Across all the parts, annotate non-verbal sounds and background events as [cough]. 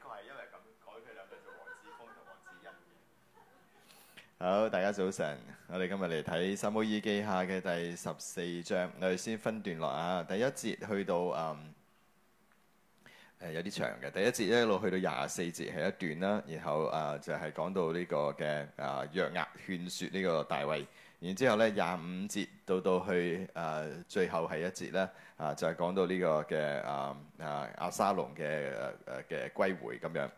佢係因為咁改佢哋做黃之峰同黃之欣。好，大家早晨，我哋今日嚟睇《撒母耳記》下嘅第十四章，我哋先分段落啊。第一節去到嗯誒有啲長嘅，第一節一路去到廿四節係一段啦，然後啊就係、是、講到呢個嘅啊約押勸說呢個大衛。然之後咧，廿五節到到去誒、呃、最後係一節咧，啊就係、是、講到呢個嘅誒誒押沙龍嘅誒誒嘅歸回咁樣。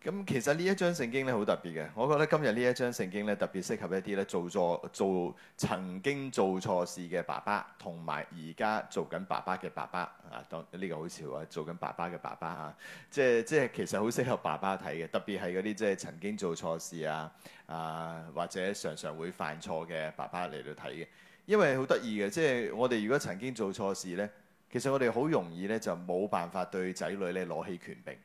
咁其實呢一章聖經咧好特別嘅，我覺得今日呢一章聖經咧特別適合一啲咧做錯做，做曾經做錯事嘅爸爸，同埋而家做緊爸爸嘅爸爸啊，當、這、呢個好似啊，做緊爸爸嘅爸爸啊，即係即係其實好適合爸爸睇嘅，特別係嗰啲即係曾經做錯事啊啊或者常常會犯錯嘅爸爸嚟到睇嘅，因為好得意嘅，即係我哋如果曾經做錯事咧，其實我哋好容易咧就冇辦法對仔女咧攞起權柄。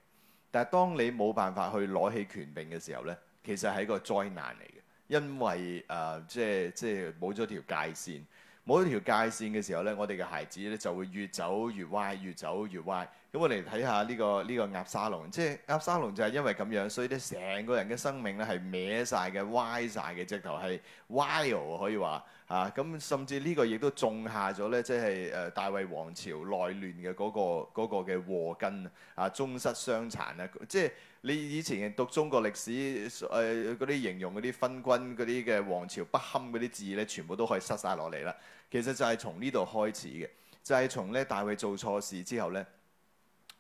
但係當你冇辦法去攞起權柄嘅時候咧，其實係一個災難嚟嘅，因為誒、呃、即係即係冇咗條界線，冇咗條界線嘅時候咧，我哋嘅孩子咧就會越走越歪，越走越歪。咁我嚟睇下呢個呢、呢個鴨沙龍，即係鴨沙龍就係因為咁樣，所以咧成個人嘅生命咧係歪晒嘅、歪晒嘅，直頭係歪腰可以話嚇。咁、啊、甚至呢個亦都種下咗咧，即係誒大衞王朝內亂嘅嗰、嗰個嘅、嗰個、禍根啊，宗室相殘啊，即係你以前讀中國歷史誒嗰啲形容嗰啲分君嗰啲嘅王朝不堪嗰啲字咧，全部都可以塞晒落嚟啦。其實就係從，就係、從呢度開始嘅，就係從咧大衞做錯事之後咧。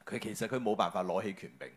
佢其實佢冇辦法攞起權柄，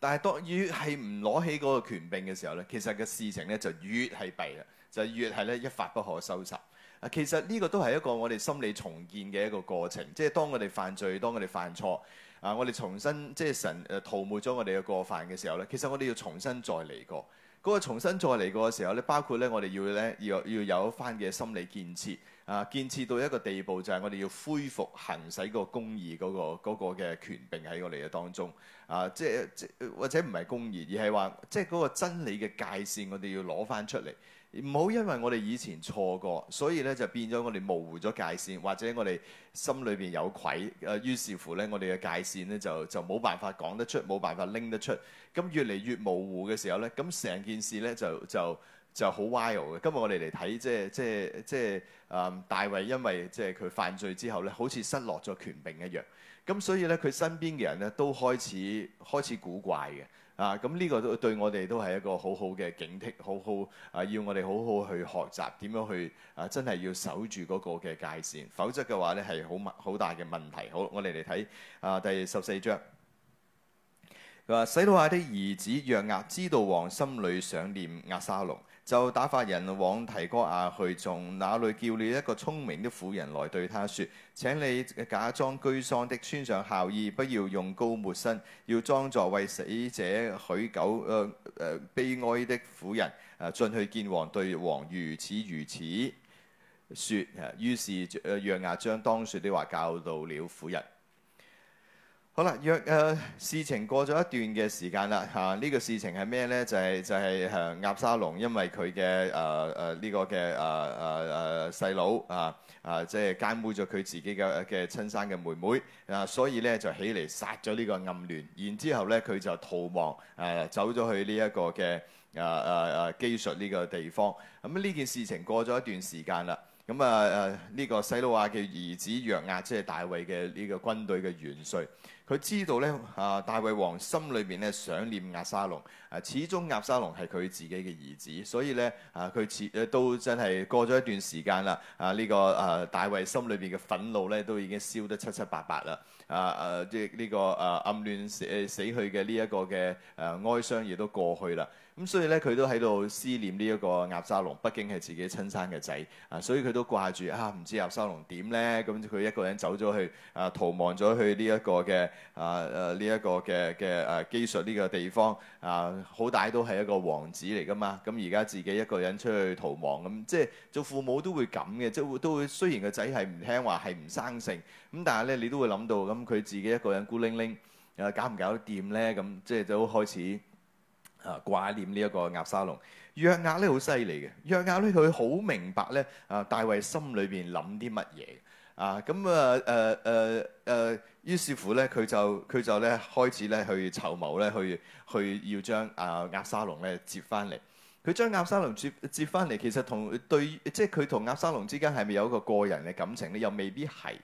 但係當越係唔攞起嗰個權柄嘅時候咧，其實個事情咧就越係弊啦，就越係咧一發不可收拾。啊，其實呢個都係一個我哋心理重建嘅一個過程，即係當我哋犯罪、當我哋犯錯啊，我哋重新即係神誒塗抹咗我哋嘅過犯嘅時候咧，其實我哋要重新再嚟過。嗰個重新再嚟過嘅時候咧，包括咧我哋要咧要要有返嘅心理建設。啊，建設到一個地步，就係我哋要恢復行使個公義嗰、嗰個嘅、嗰個、權柄喺我哋嘅當中。啊，即係即或者唔係公義，而係話即係嗰個真理嘅界線我，我哋要攞翻出嚟。唔好因為我哋以前錯過，所以咧就變咗我哋模糊咗界線，或者我哋心裏邊有愧。誒、啊，於是乎咧，我哋嘅界線咧就就冇辦法講得出，冇辦法拎得出。咁越嚟越模糊嘅時候咧，咁成件事咧就就。就就好 wild 嘅，今日我哋嚟睇即係即係即係啊，大衛因為即係佢犯罪之後咧，好似失落咗權柄一樣。咁所以咧，佢身邊嘅人咧都開始開始古怪嘅啊。咁、這、呢個都對我哋都係一個好好嘅警惕，好好啊，要我哋好好去學習點樣去啊，真係要守住嗰個嘅界線，否則嘅話咧係好問好大嘅問題。好，我哋嚟睇啊，第十四章。佢話，洗魯雅的兒子約押知道王心裏想念押沙龍。就打發人往提哥亞去，從那裏叫了一個聰明的婦人來對他説：請你假裝居喪的，穿上孝衣，不要用膏抹身，要裝作為死者許久誒誒、呃呃、悲哀的婦人誒、呃、進去見王，對王如此如此説。於是約押將當説的話教導了婦人。好啦，若誒、呃、事情過咗一段嘅時間啦，嚇、啊、呢、這個事情係咩咧？就係、是、就係誒押沙龍，因為佢嘅誒誒呢個嘅誒誒誒細佬啊啊，弟弟呃呃、即係奸污咗佢自己嘅嘅親生嘅妹妹啊，所以咧就起嚟殺咗呢個暗嫩，然之後咧佢就逃亡誒、啊，走咗去呢一個嘅誒誒誒基述呢個地方。咁、啊、呢件事情過咗一段時間啦，咁啊誒呢、啊這個洗魯雅嘅兒子約押，即係大衛嘅呢個軍隊嘅元帥。佢知道咧，啊，大衛王心裏邊咧想念押沙龍，啊，始終押沙龍係佢自己嘅兒子，所以咧，啊，佢始誒、啊、都真係過咗一段時間啦，啊，呢、這個啊大衛心裏邊嘅憤怒咧都已經消得七七八八啦，啊啊，即係呢個啊暗嫩死、啊、死去嘅呢一個嘅誒、啊、哀傷亦都過去啦。咁所以咧，佢都喺度思念呢一個押沙龍，畢竟係自己親生嘅仔啊！所以佢都掛住啊，唔知押沙龍點咧？咁、嗯、佢一個人走咗去啊，逃亡咗去呢一個嘅啊誒呢一個嘅嘅誒基述呢個地方啊，好歹都係一個王子嚟噶嘛！咁而家自己一個人出去逃亡咁、啊，即係做父母都會咁嘅，即會都會雖然個仔係唔聽話係唔生性，咁但係咧你都會諗到，咁、嗯、佢自己一個人孤零零誒、啊、搞唔搞掂咧？咁、嗯、即係都開始。啊！掛念呢一個押沙龍約押咧，好犀利嘅約押咧，佢好明白咧啊！大衛心裏邊諗啲乜嘢啊？咁啊誒誒誒，於是乎咧，佢就佢就咧開始咧去籌謀咧，去去要將啊呃、押沙龍咧接翻嚟。佢將押沙龍接接翻嚟，其實同對即係佢同押沙龍之間係咪有一個個人嘅感情咧？又未必係。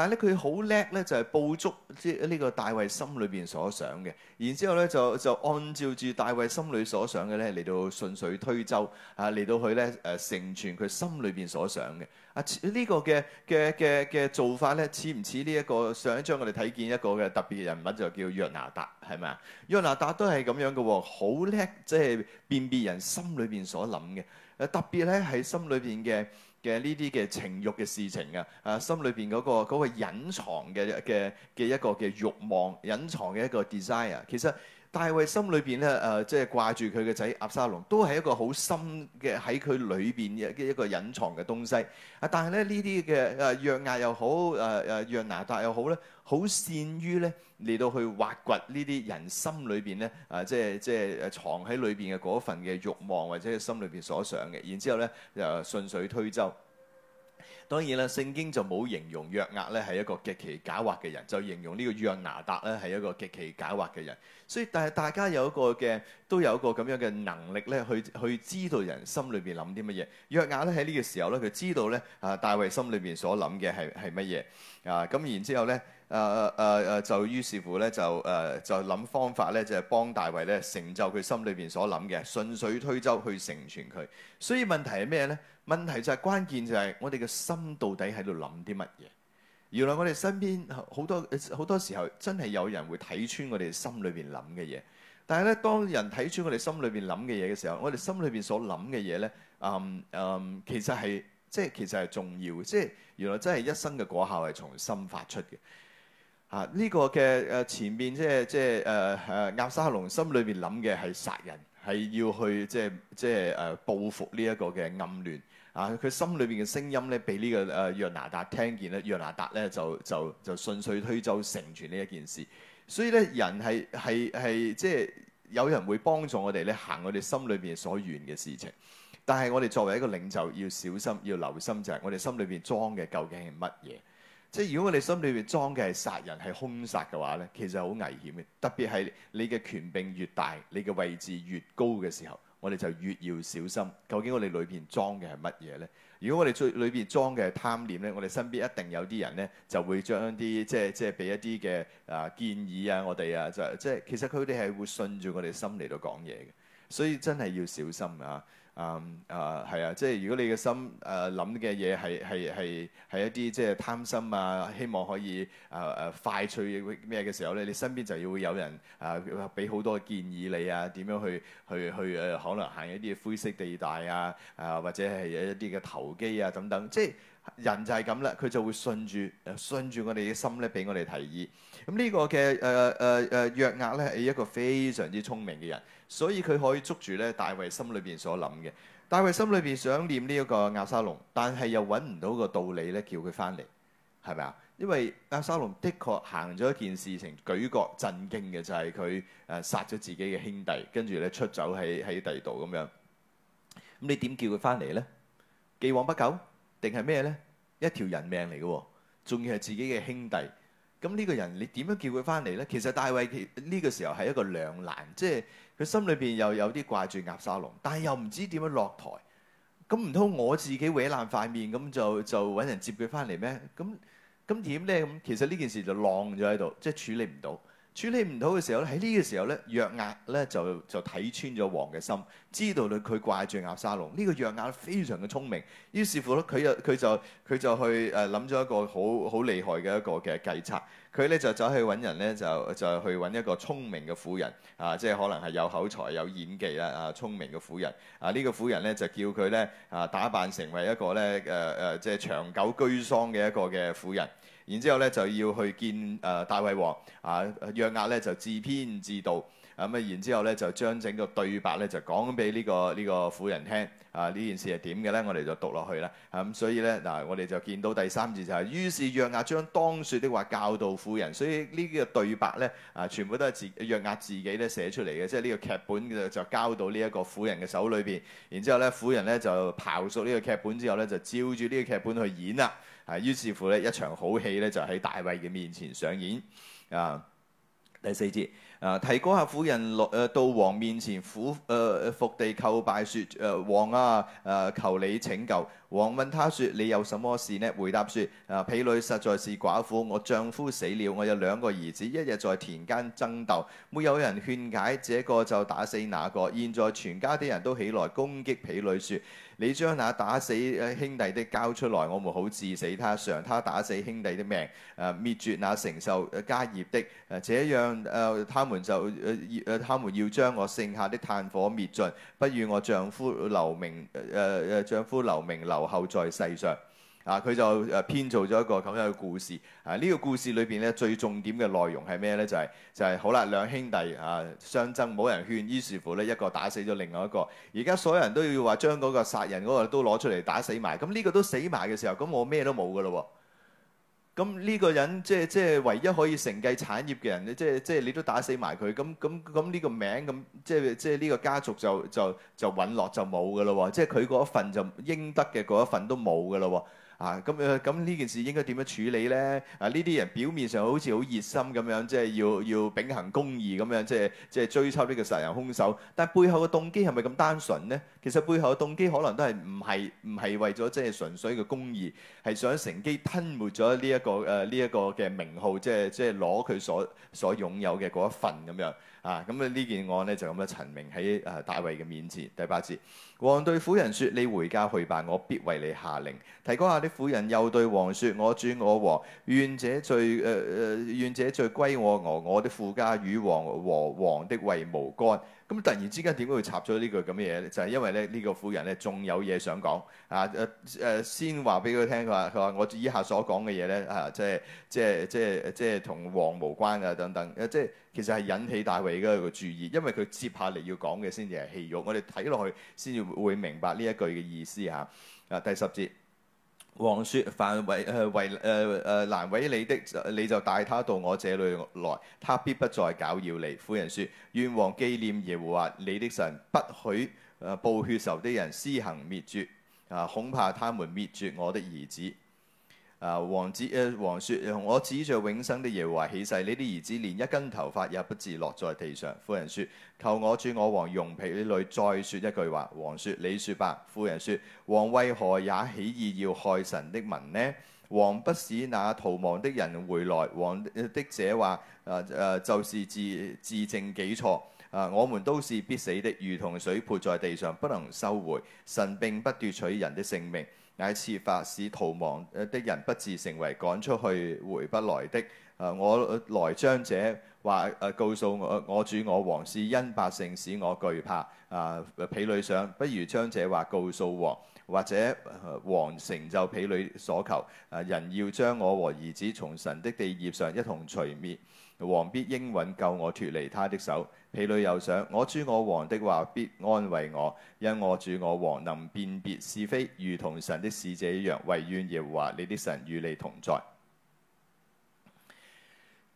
但係咧，佢好叻咧，就係捕捉即係呢個大衛心裏邊所想嘅。然之後咧，就就按照住大衛心裏所想嘅咧嚟到順水推舟啊，嚟到去咧誒成全佢心裏邊所想嘅。啊，呢、呃啊這個嘅嘅嘅嘅做法咧，似唔似呢一個上一章我哋睇見一個嘅特別人物就叫約拿達係咪啊？約拿達都係咁樣嘅喎，好叻即係辨別人心裏邊所諗嘅。誒、啊、特別咧喺心裏邊嘅。嘅呢啲嘅情欲嘅事情啊，啊，心裏邊嗰個嗰個隱藏嘅嘅嘅一個嘅欲望，隱藏嘅一個 desire，其實。大衛心裏邊咧，誒即係掛住佢嘅仔押沙龍，都係一個好深嘅喺佢裏邊嘅一一個隱藏嘅東西。啊，但係咧呢啲嘅誒約押又好，誒誒約拿達又好咧，好善於咧嚟到去挖掘呢啲人心裏邊咧，啊即係即係藏喺裏邊嘅嗰份嘅慾望或者心裏邊所想嘅，然之後咧又順水推舟。當然啦，聖經就冇形容約押咧係一個極其狡猾嘅人，就形容呢個約拿達咧係一個極其狡猾嘅人。所以，但係大家有一個嘅都有一個咁樣嘅能力咧，去去知道人心裏邊諗啲乜嘢。約押咧喺呢個時候咧，佢知道咧啊，大衛心裏邊所諗嘅係係乜嘢啊？咁然之後咧。誒誒誒誒，就於是乎咧，就誒就諗方法咧，就係幫大衛咧成就佢心裏邊所諗嘅，順水推舟去成全佢。所以問題係咩咧？問題就係關鍵就係我哋嘅心到底喺度諗啲乜嘢？原來我哋身邊好多好多時候真係有人會睇穿我哋心裏邊諗嘅嘢。但係咧，當人睇穿我哋心裏邊諗嘅嘢嘅時候，我哋心裏邊所諗嘅嘢咧，嗯嗯，其實係即係其實係重要嘅。即係原來真係一生嘅果效係從心發出嘅。啊！呢、這個嘅誒、呃、前面、就是，即係即係誒誒押沙龍心裏邊諗嘅係殺人，係要去即係即係誒報復呢一個嘅暗戀。啊！佢心裏邊嘅聲音咧，俾呢、這個誒約拿達聽見咧，約拿達咧就就就，就順水推舟成全呢一件事。所以咧，人係係係即係有人會幫助我哋咧，行我哋心裏邊所願嘅事情。但係我哋作為一個領袖，要小心要留心就係、是、我哋心裏邊裝嘅究竟係乜嘢。即係如果我哋心裏邊裝嘅係殺人，係兇殺嘅話咧，其實好危險嘅。特別係你嘅權柄越大，你嘅位置越高嘅時候，我哋就越要小心。究竟我哋裏邊裝嘅係乜嘢咧？如果我哋最裏邊裝嘅係貪念咧，我哋身邊一定有啲人咧，就會將啲即係即係俾一啲嘅啊建議啊我哋啊，就即係其實佢哋係會順住我哋心嚟到講嘢嘅，所以真係要小心啊！誒誒係啊！即係如果你嘅心誒諗嘅嘢係係係係一啲即係貪心啊，希望可以誒誒、呃啊、快脆咩嘅時候咧，你身邊就要會有人誒俾好多建議你啊，點樣去去去誒、呃、可能行一啲灰色地帶啊，啊或者係有一啲嘅投機啊等等。即係人就係咁啦，佢就會順住誒順住我哋嘅心咧，俾我哋提議。咁、嗯這個呃呃呃、呢個嘅誒誒誒約押咧係一個非常之聰明嘅人。所以佢可以捉住咧，大衛心裏邊所諗嘅。大衛心裏邊想念呢一個押沙龍，但係又揾唔到個道理咧，叫佢翻嚟，係咪啊？因為押沙龍的確行咗一件事情，舉國震驚嘅就係佢誒殺咗自己嘅兄弟，跟住咧出走喺喺第度咁樣。咁你點叫佢翻嚟呢？既往不咎定係咩呢？一條人命嚟嘅喎，仲要係自己嘅兄弟。咁呢個人你點樣叫佢翻嚟呢？其實大衛呢個時候係一個兩難，即係。佢心裏邊又有啲掛住押沙龍，但係又唔知點樣落台，咁唔通我自己搲爛塊面，咁就就揾人接佢翻嚟咩？咁咁點咧？咁其實呢件事就晾咗喺度，即係處理唔到。處理唔到嘅時候咧，喺呢個時候咧，約押咧就就睇穿咗王嘅心，知道佢佢掛住押沙龍。呢、這個約押非常嘅聰明，於是乎咧，佢又佢就佢就去誒諗咗一個好好厲害嘅一個嘅計策。佢咧就走去揾人咧，就就去揾一個聰明嘅婦人啊，即係可能係有口才、有演技啦啊，聰明嘅婦人啊，這個、婦人呢個婦人咧就叫佢咧啊打扮成為一個咧誒誒，即係長久居喪嘅一個嘅婦人，然之後咧就要去見誒大衛王啊，約押咧就自編自導。咁啊，然之後咧就將整個對白咧就講俾呢個呢、這個婦人聽啊，呢件事係點嘅咧，我哋就讀落去啦。咁、啊、所以咧嗱、啊，我哋就見到第三節就係、是，於是約押將當説的話教導婦人。所以呢啲嘅對白咧啊，全部都係自約押自己咧寫出嚟嘅，即係呢個劇本就交到呢一個婦人嘅手裏邊。然之後咧，婦人咧就刨熟呢個劇本之後咧，就照住呢個劇本去演啦。啊，於是乎咧，一場好戲咧就喺大衛嘅面前上演。啊，第四節。啊！提哥亞婦人落誒到王面前，俯誒伏地叩拜說，說、呃：誒王啊！誒、呃、求你拯救。王問他說：你有什麼事呢？回答說：啊，婢女實在是寡婦，我丈夫死了，我有兩個兒子，一日在田間爭鬥，沒有人勸解，這個就打死那個，現在全家啲人都起來攻擊婢女說，說。你將那打死兄弟的交出來，我們好治死他，償，他打死兄弟的命。誒、啊、滅絕那承受家業的，誒、啊、這樣誒、啊、他們就誒誒、啊、他們要將我剩下的炭火滅盡，不與我丈夫留名誒誒、啊、丈夫留名留後在世上。啊！佢就誒、啊、編造咗一個咁樣嘅故事。啊！呢、呢個故事裏邊咧最重點嘅內容係咩咧？就係、係、就係、係、好啦，兩兄弟啊相爭，冇人勸，於是乎咧一個打死咗另外一個。而家所有人都要話將嗰個殺人嗰個都攞出嚟打死埋。咁呢個都死埋嘅時候，咁我咩都冇噶咯喎。咁呢個人即係即係唯一可以承繼產業嘅人咧，即係即係你都打死埋佢。咁咁咁呢個名咁即係即係呢個家族就就就隕落就冇噶咯喎。即係佢嗰一份就應得嘅嗰一份都冇噶咯喎。啊，咁誒，咁、嗯、呢件事應該點樣處理咧？啊，呢啲人表面上好似好熱心咁樣，即係要要秉行公義咁樣，即係即係追查呢個殺人兇手。但係背後嘅動機係咪咁單純咧？其實背後嘅動機可能都係唔係唔係為咗即係純粹嘅公義，係想乘機吞沒咗呢一個誒呢一個嘅名號，即係即係攞佢所所擁有嘅嗰一份咁樣。啊，咁啊呢件案咧就咁啊，陳明喺誒大衛嘅面前第八節，王對婦人説：你回家去吧，我必為你下令。提哥亞啲婦人又對王説：我主我王，願者罪誒誒，願、呃、者罪歸我我，我的父家與王和王的位無干。咁突然之間點解會插咗呢句咁嘅嘢咧？就係因為咧呢個婦人咧仲有嘢想講啊！誒誒，先話俾佢聽，佢話佢話我以下所講嘅嘢咧啊，即係即係即係即係同王無關噶等等。誒即係其實係引起大衛嗰個注意，因為佢接下嚟要講嘅先至係戲肉。我哋睇落去先至會明白呢一句嘅意思嚇。啊，第十節。王說：凡、呃、為誒為誒誒難為你的，呃、你就帶他到我這裏來，他必不再攪擾你。婦人說：願王紀念耶和華你的神不許，不許誒報血仇的人施行滅絕啊！恐怕他們滅絕我的兒子。啊！王指誒、呃、王説：我指着永生的耶和華起誓，你的兒子連一根頭髮也不致落在地上。夫人説：求我主我王容婢女再説一句話。王説：你説吧。夫人説：王為何也起意要害神的民呢？王不使那逃亡的人回來。王的這話：誒、呃、誒、呃，就是自自證己錯。啊、呃，我們都是必死的，如同水潑在地上，不能收回。神並不奪取人的性命。乃設法使逃亡嘅的人不自成為趕出去回不來的。啊，我來將這話誒、啊、告訴我，我主我王是因百姓使我懼怕。啊，婢女想，不如將這話告訴王，或者、啊、王成就婢女所求。啊，人要將我和兒子從神的地業上一同除滅，王必應允救我脫離他的手。婢女又想，我主我王的話必安慰我，因我主我王能辨別是非，如同神的使者一樣。惟願耶和華你的神與你同在。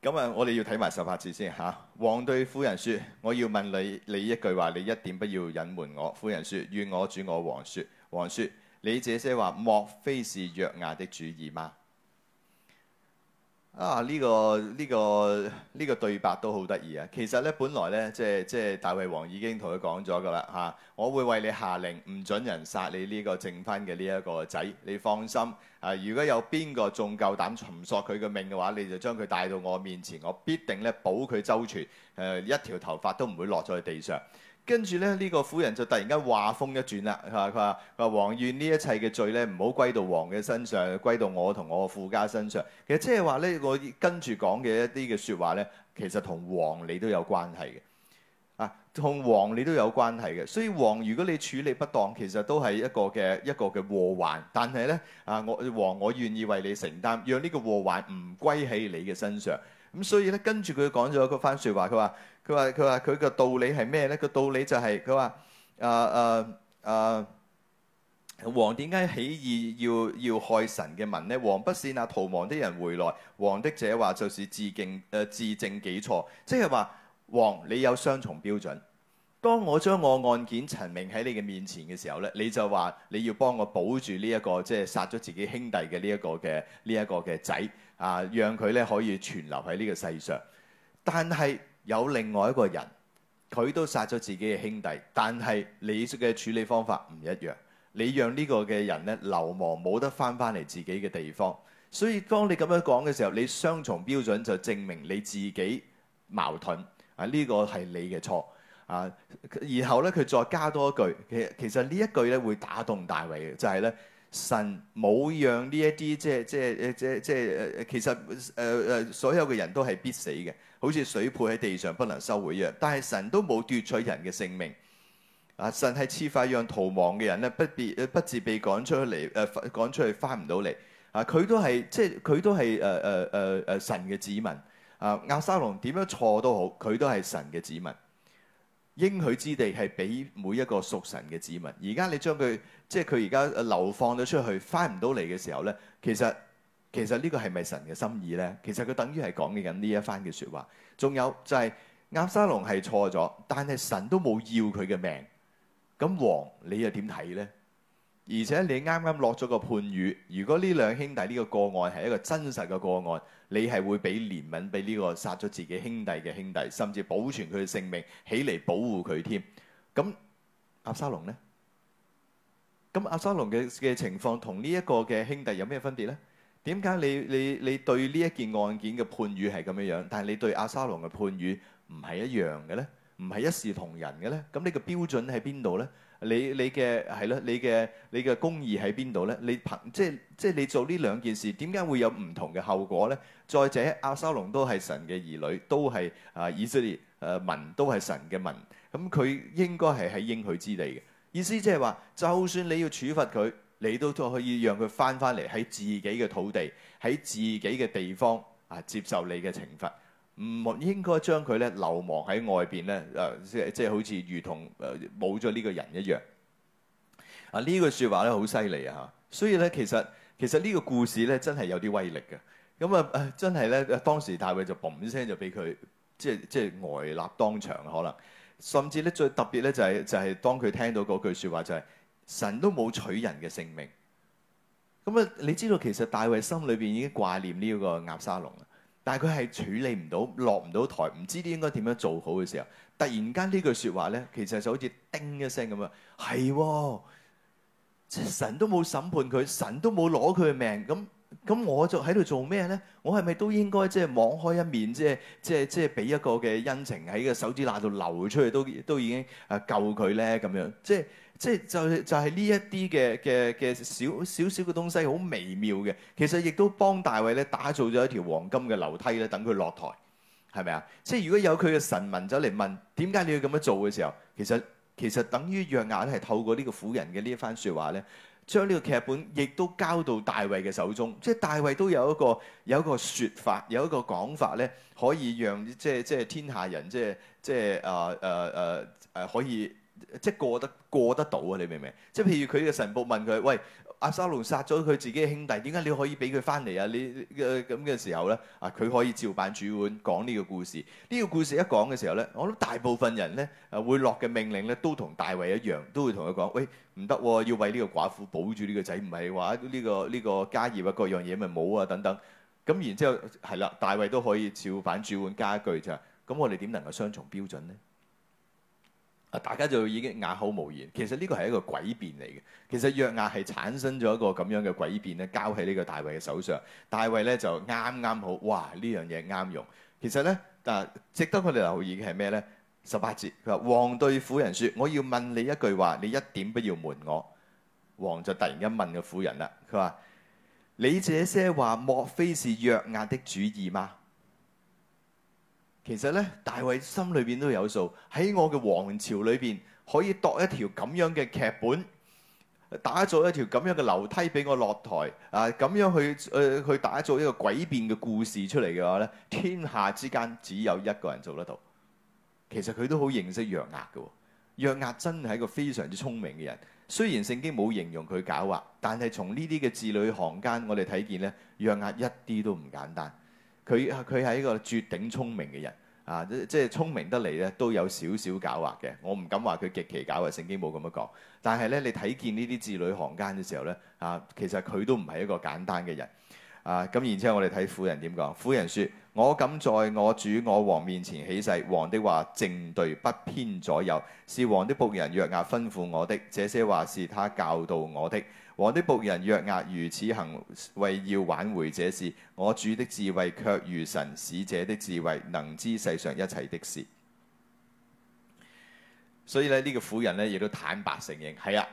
咁啊，我哋要睇埋十八字先吓。王、啊、對夫人說：我要問你，你一句話，你一點不要隱瞞我。夫人說：願我主我王說。王說：你這些話莫非是約押的主意嗎？啊！呢、這個呢、這個呢、這個對白都好得意啊！其實呢，本來呢，即係即係大衛王已經同佢講咗噶啦嚇，我會為你下令，唔准人殺你呢個剩返嘅呢一個仔。你放心啊！如果有邊個仲夠膽尋索佢嘅命嘅話，你就將佢帶到我面前，我必定呢，保佢周全，誒、啊、一條頭髮都唔會落在地上。跟住咧，呢、這個婦人就突然間話風一轉啦，係嘛？佢話：佢話王願呢一切嘅罪咧，唔好歸到王嘅身上，歸到我同我個父家身上。其實即係話咧，我跟住講嘅一啲嘅説話咧，其實同王你都有關係嘅。啊，同王你都有關係嘅，所以王如果你處理不當，其實都係一個嘅一個嘅禍患。但係咧，啊我王，我願意為你承擔，讓呢個禍患唔歸喺你嘅身上。咁、嗯、所以咧，跟住佢講咗一番説話，佢話。佢話：佢話佢個道理係咩呢？個道理就係佢話：誒誒誒，王點解起意要要害神嘅民咧？王不善啊，逃亡的人回來，王的者話就是自敬誒自證己錯，即係話王你有雙重標準。當我將我案件陳明喺你嘅面前嘅時候呢，你就話你要幫我保住呢、這、一個即係殺咗自己兄弟嘅呢一個嘅呢一個嘅、這個、仔啊，讓佢呢可以存留喺呢個世上，但係。有另外一個人，佢都殺咗自己嘅兄弟，但係你嘅處理方法唔一樣，你讓呢個嘅人咧流亡，冇得翻翻嚟自己嘅地方。所以當你咁樣講嘅時候，你雙重標準就證明你自己矛盾啊！呢個係你嘅錯啊！然後咧，佢再加多一句，其實其實呢一句咧會打動大衛嘅，就係咧。神冇讓呢一啲即係即係誒即係即係誒其實誒誒、呃，所有嘅人都係必死嘅，好似水潑喺地上不能收回一樣。但係神都冇奪取人嘅性命啊！神係設法讓逃亡嘅人咧，不必不自被趕出嚟，誒，趕、呃、出去翻唔到嚟啊！佢都係即係佢都係誒誒誒誒，神嘅子民啊！亞沙龍點樣錯都好，佢都係神嘅子民。應許之地係俾每一個屬神嘅子民。而家你將佢，即係佢而家流放咗出去，返唔到嚟嘅時候呢，其實其實呢個係咪神嘅心意呢？其實佢等於係講緊呢一番嘅說話。仲有就係、是、押沙龍係錯咗，但係神都冇要佢嘅命。咁王你又點睇呢？而且你啱啱落咗個判語，如果呢兩兄弟呢個個案係一個真實嘅個案，你係會俾憐憫俾呢個殺咗自己兄弟嘅兄弟，甚至保存佢嘅性命，起嚟保護佢添。咁押沙龍呢？咁押沙龍嘅嘅情況同呢一個嘅兄弟有咩分別呢？點解你你你對呢一件案件嘅判語係咁樣樣，但係你對押沙龍嘅判語唔係一樣嘅呢？唔係一視同仁嘅呢？咁你個標準喺邊度呢？你你嘅係啦，你嘅你嘅公義喺邊度咧？你憑即係即係你做呢兩件事，點解會有唔同嘅後果咧？再者，押沙龍都係神嘅兒女，都係啊以色列誒民，都係神嘅民，咁佢應該係喺應許之地嘅意思，即係話，就算你要處罰佢，你都都可以讓佢返返嚟喺自己嘅土地，喺自己嘅地方啊，接受你嘅懲罰。唔應該將佢咧流亡喺外邊咧，誒即即好似如同誒冇咗呢個人一樣。啊呢句説話咧好犀利啊！所以咧其實其實呢個故事咧真係有啲威力嘅。咁啊真係咧當時大衛就嘣聲就俾佢即即呆、呃、立當場可能，甚至咧最特別咧就係、是、就係、是、當佢聽到嗰句説話就係、是、神都冇取人嘅性命。咁啊你知道其實大衛心裏邊已經掛念呢個押沙龍。但係佢係處理唔到，落唔到台，唔知啲應該點樣做好嘅時候，突然間呢句説話咧，其實就好似叮一聲咁樣，係，即係神都冇審判佢，神都冇攞佢命，咁咁我就喺度做咩咧？我係咪都應該即係網開一面，即係即係即係俾一個嘅恩情喺個手指罅度流出去，都都已經啊救佢咧咁樣，即係。即係就係就係呢一啲嘅嘅嘅少少少嘅東西，好微妙嘅。其實亦都幫大衛咧打造咗一條黃金嘅樓梯咧，等佢落台，係咪啊？即係如果有佢嘅臣民走嚟問點解你要咁樣做嘅時候，其實其實等於約押咧係透過呢個婦人嘅呢一番説話咧，將呢個劇本亦都交到大衛嘅手中。即係大衛都有一個有一個説法有一個講法咧，可以讓即係即係天下人即係即係啊啊啊誒可以。即係過得過得到啊！你明唔明？即係譬如佢嘅神僕問佢：喂，押沙龍殺咗佢自己嘅兄弟，點解你可以俾佢翻嚟啊？你咁嘅、呃、時候咧，啊，佢可以照辦煮碗講呢個故事。呢、呢個故事一講嘅時候咧，我諗大部分人咧，誒會落嘅命令咧，都同大衛一樣，都會同佢講：喂，唔得，要為呢個寡婦保住呢個仔，唔係話呢個呢、呢個家業啊，各樣嘢咪冇啊等等。咁然之後係啦，大衛都可以照辦煮碗加一句就係：咁我哋點能夠雙重標準咧？大家就已經啞口無言。其實呢個係一個詭辯嚟嘅。其實約押係產生咗一個咁樣嘅詭辯咧，交喺呢個大衛嘅手上。大衛咧就啱啱好，哇！呢樣嘢啱用。其實咧，嗱，啊，值得我哋留意嘅係咩咧？十八節佢話：王對婦人說：我要問你一句話，你一點不要瞞我。王就突然間問個婦人啦，佢話：你這些話莫非是約押的主意嗎？其實咧，大衛心裏邊都有數，喺我嘅王朝裏邊可以度一條咁樣嘅劇本，打造一條咁樣嘅樓梯俾我落台啊！咁樣去誒、呃、去打造一個詭辯嘅故事出嚟嘅話咧，天下之間只有一個人做得到。其實佢都好認識約押嘅，約押真係一個非常之聰明嘅人。雖然聖經冇形容佢狡猾，但係從呢啲嘅字裏行間，我哋睇見咧，約押一啲都唔簡單。佢佢係一個絕頂聰明嘅人啊！即係聰明得嚟咧，都有少少狡猾嘅。我唔敢話佢極其狡猾，聖經冇咁樣講。但係咧，你睇見呢啲字裏行間嘅時候咧，啊，其實佢都唔係一個簡單嘅人啊！咁、啊、然之後我，我哋睇婦人點講？婦人說：我敢在我主我王面前起誓，王的話正對不偏左右，是王的僕人約押吩咐我的，這些話是他教導我的。王的僕人約押如此行，為要挽回這事。我主的智慧卻如神使者的智慧，能知世上一切的事。所以咧，呢、這個婦人呢，亦都坦白承認，係啊，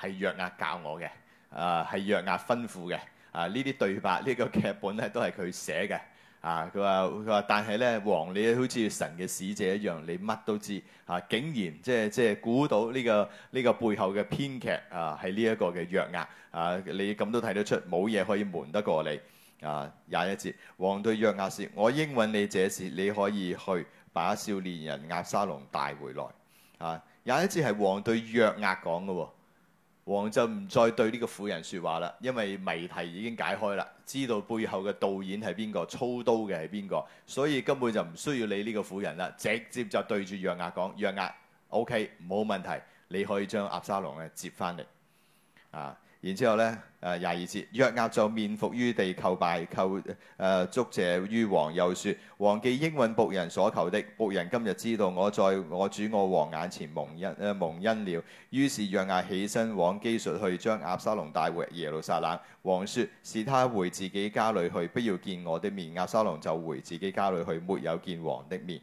係約押教我嘅，誒，係約押吩咐嘅，啊，呢啲對白，呢、這個劇本呢，都係佢寫嘅。啊！佢話佢話，但係咧，王你好似神嘅使者一樣，你乜都知啊！竟然即係即係估到呢個呢個背後嘅編劇啊，係呢一個嘅約押啊！你咁都睇得出，冇嘢可以瞞得過你啊！廿一節，王對約押說：我應允你這事，你可以去把少年人押沙龍帶回來啊！廿一節係王對約押講嘅喎。王就唔再對呢個婦人説話啦，因為謎題已經解開啦，知道背後嘅導演係邊個，操刀嘅係邊個，所以根本就唔需要理呢個婦人啦，直接就對住約押講：約押，OK，冇問題，你可以將押沙龍咧接翻嚟，啊。然之後咧，誒廿二節，約押就面伏於地叩拜，叩誒祝謝於王，又説：王既應允僕人所求的，僕人今日知道我在我主我王眼前蒙恩誒、呃、蒙恩了。於是約押起身往基述去，將押沙龍帶回耶路撒冷。王説：使他回自己家裏去，不要見我的面。押沙龍就回自己家裏去，沒有見王的面。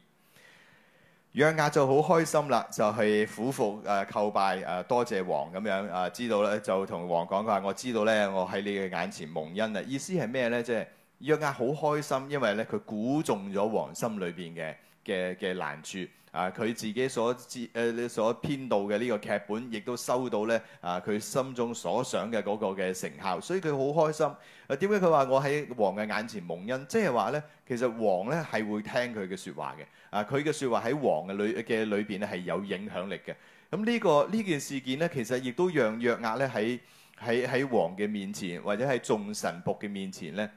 約押就好開心啦，就係俯伏誒叩拜誒、呃、多謝王咁樣誒、呃，知道咧就同王講佢話：我知道咧，我喺你嘅眼前蒙恩啦。意思係咩咧？即係約押好開心，因為咧佢估中咗王心裏邊嘅嘅嘅難處。啊！佢自己所自誒、呃、所編導嘅呢個劇本，亦都收到咧啊！佢心中所想嘅嗰個嘅成效，所以佢好開心。啊，點解佢話我喺王嘅眼前蒙恩？即係話咧，其實王咧係會聽佢嘅説話嘅。啊，佢嘅説話喺王嘅裏嘅裏邊咧係有影響力嘅。咁呢、呢個呢件事件咧，其實亦都讓約押咧喺喺喺王嘅面前，或者喺眾神僕嘅面前咧，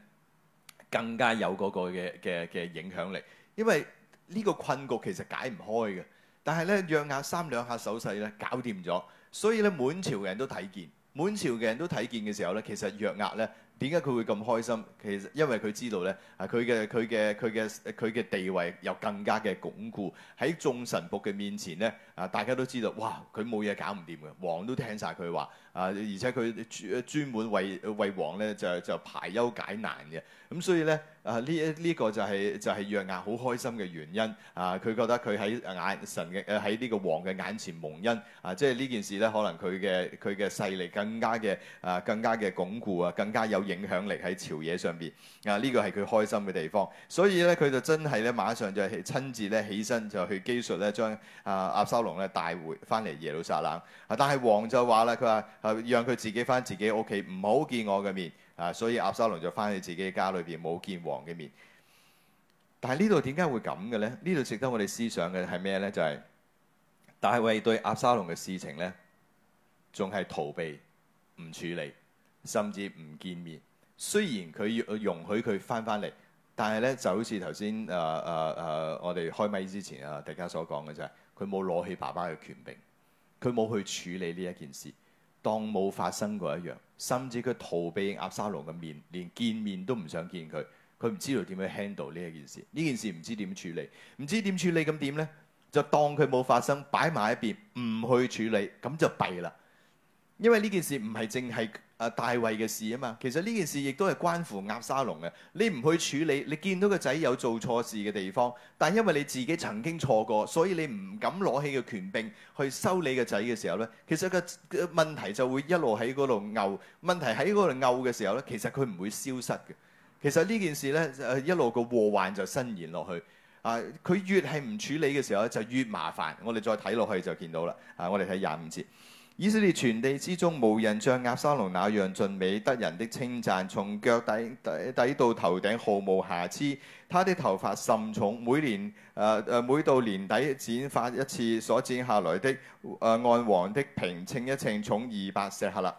更加有嗰個嘅嘅嘅影響力，因為。呢個困局其實解唔開嘅，但係咧約押三兩下手勢咧搞掂咗，所以咧滿朝嘅人都睇見，滿朝嘅人都睇見嘅時候咧，其實約押咧點解佢會咁開心？其實因為佢知道咧啊，佢嘅佢嘅佢嘅佢嘅地位又更加嘅鞏固喺眾神僕嘅面前咧啊，大家都知道哇，佢冇嘢搞唔掂嘅，王都聽晒佢話。啊！而且佢專專門為為王咧，就就排憂解難嘅。咁所以咧，啊呢一呢個就係、是、就係約押好開心嘅原因。啊，佢覺得佢喺眼神嘅喺呢個王嘅眼前蒙恩。啊，即係呢件事咧，可能佢嘅佢嘅勢力更加嘅啊，更加嘅鞏固啊，更加有影響力喺朝野上邊。啊，呢、這個係佢開心嘅地方。所以咧，佢就真係咧，馬上就親自咧起身就去基述咧，將啊押沙龍咧帶回翻嚟耶路撒冷。啊，但係王就話咧，佢話。啊！讓佢自己返自己屋企，唔好見我嘅面啊！所以押沙龍就返去自己嘅家裏邊，冇見王嘅面。但係呢度點解會咁嘅咧？呢度值得我哋思想嘅係咩咧？就係大衛對押沙龍嘅事情咧，仲係逃避，唔處理，甚至唔見面。雖然佢要容許佢返返嚟，但係咧就好似頭先誒誒誒，我哋開咪之前啊，大家所講嘅就係佢冇攞起爸爸嘅權柄，佢冇去處理呢一件事。當冇發生過一樣，甚至佢逃避押沙龍嘅面，連見面都唔想見佢。佢唔知道點樣 handle 呢一件事，呢件事唔知點處理，唔知點處理咁點呢？就當佢冇發生，擺埋一邊，唔去處理，咁就弊啦。因為呢件事唔係淨係。誒、啊、大衛嘅事啊嘛，其實呢件事亦都係關乎押沙龍嘅。你唔去處理，你見到個仔有做錯事嘅地方，但因為你自己曾經錯過，所以你唔敢攞起個權柄去收你個仔嘅時候呢，其實個問題就會一路喺嗰度拗。問題喺嗰度拗嘅時候呢，其實佢唔會消失嘅。其實呢件事呢，一路個禍患就伸延落去。啊，佢越係唔處理嘅時候就越麻煩。我哋再睇落去就見到啦。啊，我哋睇廿五節。以色列全地之中，無人像押沙龍那樣俊美得人的稱讚，從腳底底，底到頭頂毫無瑕疵。他的頭髮甚重，每年誒誒、呃、每到年底剪髮一次，所剪下來的誒按王的平稱一稱，重二百舍客勒。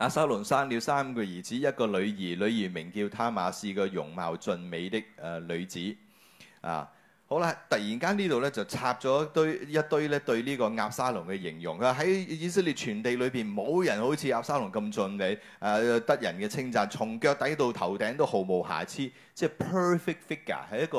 押沙龍生了三個兒子，一個女兒，女兒名叫他瑪，是個容貌俊美的誒、呃、女子，啊。好啦，突然間呢度咧就插咗一堆一堆咧對呢個鴨沙龍嘅形容。佢喺以色列全地裏邊冇人好似鴨沙龍咁俊美，誒、呃、得人嘅稱讚，從腳底到頭頂都毫無瑕疵，即係 perfect figure，係一個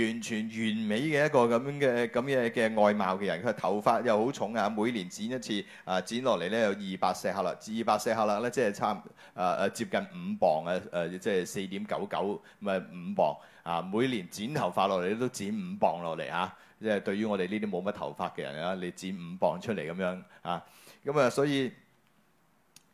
完全完美嘅一個咁嘅咁嘅嘅外貌嘅人。佢頭髮又好重啊，每年剪一次，誒、呃、剪落嚟咧有二百舍客勒啦，至二百舍客勒啦咧即係差誒誒、呃、接近五磅啊誒、呃，即係四點九九唔係五磅。啊，每年剪頭髮落嚟都剪五磅落嚟啊！即係對於我哋呢啲冇乜頭髮嘅人啊，你剪五磅出嚟咁樣啊，咁啊，所以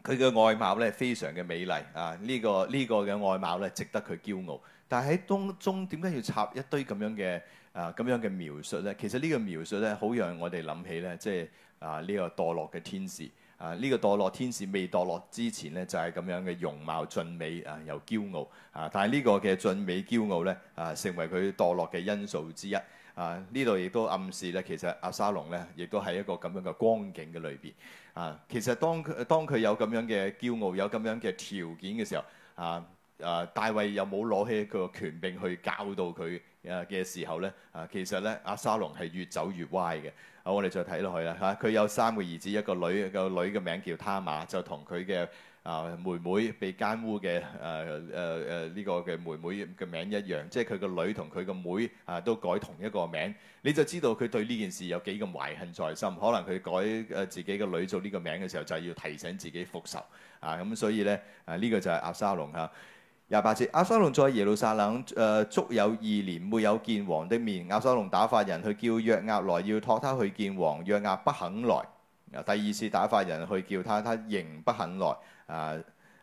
佢嘅外貌咧非常嘅美麗啊！呢個呢個嘅外貌咧值得佢驕傲，但係喺當中點解要插一堆咁樣嘅啊咁樣嘅描述呢？其實呢個描述咧好讓我哋諗起咧，即係啊呢個墮落嘅天使。啊！呢、這個墮落天使未墮落之前呢就係、是、咁樣嘅容貌俊美啊，又驕傲啊！但係呢個嘅俊美驕傲呢，啊，成為佢墮落嘅因素之一啊！呢度亦都暗示咧，其實押沙龍呢，亦都係一個咁樣嘅光景嘅裏邊啊！其實當佢當佢有咁樣嘅驕傲，有咁樣嘅條件嘅時候啊啊，大、啊、衛有冇攞起佢個權柄去教導佢嘅時候呢？啊，其實呢，押沙龍係越走越歪嘅。好，我哋再睇落去啦嚇，佢、啊、有三個兒子，一個女，個女嘅名叫他瑪，就同佢嘅啊妹妹被奸污嘅誒誒誒呢個嘅妹妹嘅名一樣，即係佢個女同佢個妹啊都改同一個名，你就知道佢對呢件事有幾咁懷恨在心。可能佢改誒自己個女做呢個名嘅時候，就係要提醒自己復仇啊。咁所以咧，啊呢、呢個就係押沙龍嚇。啊。廿八節，押沙龍在耶路撒冷，誒足有二年沒有見王的面。押沙龍打發人去叫約押來，要託他去見王。約押不肯來。第二次打發人去叫他，他仍不肯來。啊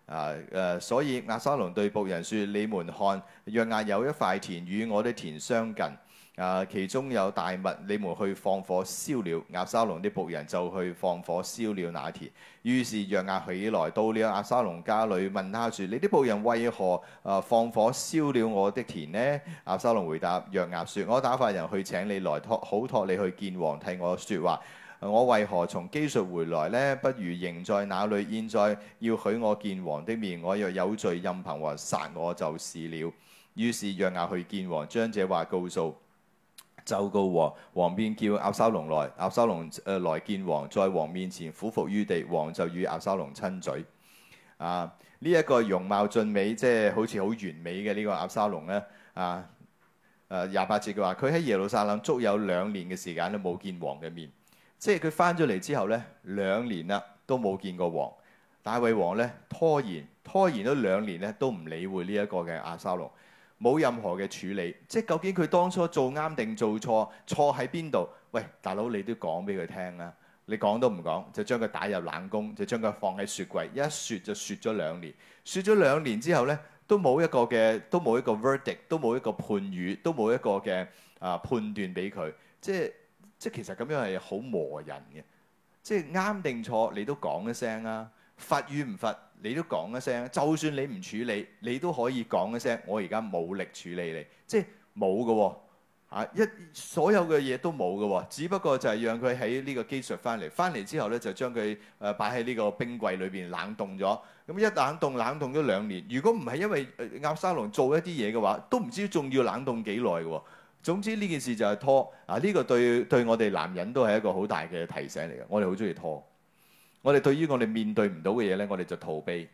啊、誒，所以押沙龍對僕人説：你們看，約押有一塊田與我的田相近。啊！其中有大物，你們去放火燒了。亞沙龍啲僕人就去放火燒了那田。於是約押起來到了阿沙龍家裏問他説：你啲僕人為何誒、啊、放火燒了我的田呢？阿沙龍回答約押説：我打發人去請你來，託好託你去見王替我説話。我為何從基術回來呢？不如仍在那裏。現在要許我見王的面，我若有罪任憑王殺我就是了。於是約押去見王，將這話告訴。就告王，王便叫押沙龍來，押沙龍誒來見王，在王面前俯伏於地，王就與押沙龍親嘴。啊，呢、這、一個容貌俊美，即係好似好完美嘅呢個押沙龍咧。啊，誒廿八節佢話，佢喺耶路撒冷足有兩年嘅時間都冇見王嘅面，即係佢翻咗嚟之後咧，兩年啦都冇見過王。大衛王咧拖延拖延咗兩年咧，都唔理會呢一個嘅押沙龍。冇任何嘅處理，即係究竟佢當初做啱定做錯，錯喺邊度？喂，大佬你都講俾佢聽啦，你講都唔講，就將佢打入冷宮，就將佢放喺雪櫃，一雪就雪咗兩年，雪咗兩年之後呢，都冇一個嘅，都冇一個 verdict，都冇一個判語，都冇一個嘅啊判斷俾佢，即係即係其實咁樣係好磨人嘅，即係啱定錯你都講一聲啊，罰與唔罰？你都講一聲，就算你唔處理，你都可以講一聲。我而家冇力處理你，即係冇嘅喎一所有嘅嘢都冇嘅喎。只不過就係讓佢喺呢個技術返嚟，返嚟之後咧就將佢誒擺喺呢個冰櫃裏邊冷凍咗。咁、嗯、一冷凍冷凍咗兩年，如果唔係因為、呃、鴨沙龍做一啲嘢嘅話，都唔知仲要冷凍幾耐嘅喎。總之呢件事就係拖啊！呢、呢個對對我哋男人都係一個好大嘅提醒嚟嘅。我哋好鍾意拖。我哋對於我哋面對唔到嘅嘢呢，我哋就逃避，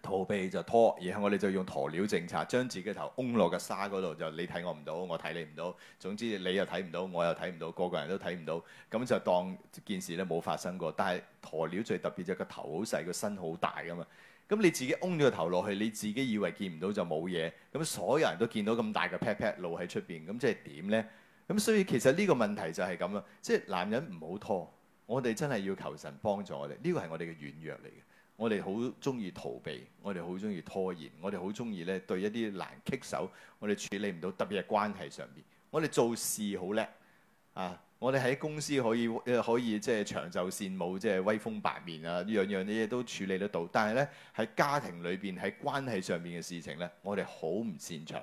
逃避就拖，然後我哋就用鴕鳥政策，將自己頭嗡落個沙嗰度，就你睇我唔到，我睇你唔到，總之你又睇唔到，我又睇唔到，個個人都睇唔到，咁就當件事呢冇發生過。但係鴕鳥最特別就係個頭好細，個身好大㗎嘛。咁你自己嗡咗個頭落去，你自己以為見唔到就冇嘢，咁所有人都見到咁大嘅 pat pat 露喺出邊，咁即係點呢？咁所以其實呢個問題就係咁啦，即係男人唔好拖。我哋真係要求神幫助我哋，呢個係我哋嘅軟弱嚟嘅。我哋好中意逃避，我哋好中意拖延，我哋好中意咧對一啲難棘手，我哋處理唔到，特別嘅關係上邊。我哋做事好叻啊！我哋喺公司可以可以即係長袖善舞，即係威風八面啊！樣樣啲嘢都處理得到，但係咧喺家庭裏邊喺關係上邊嘅事情咧，我哋好唔擅長。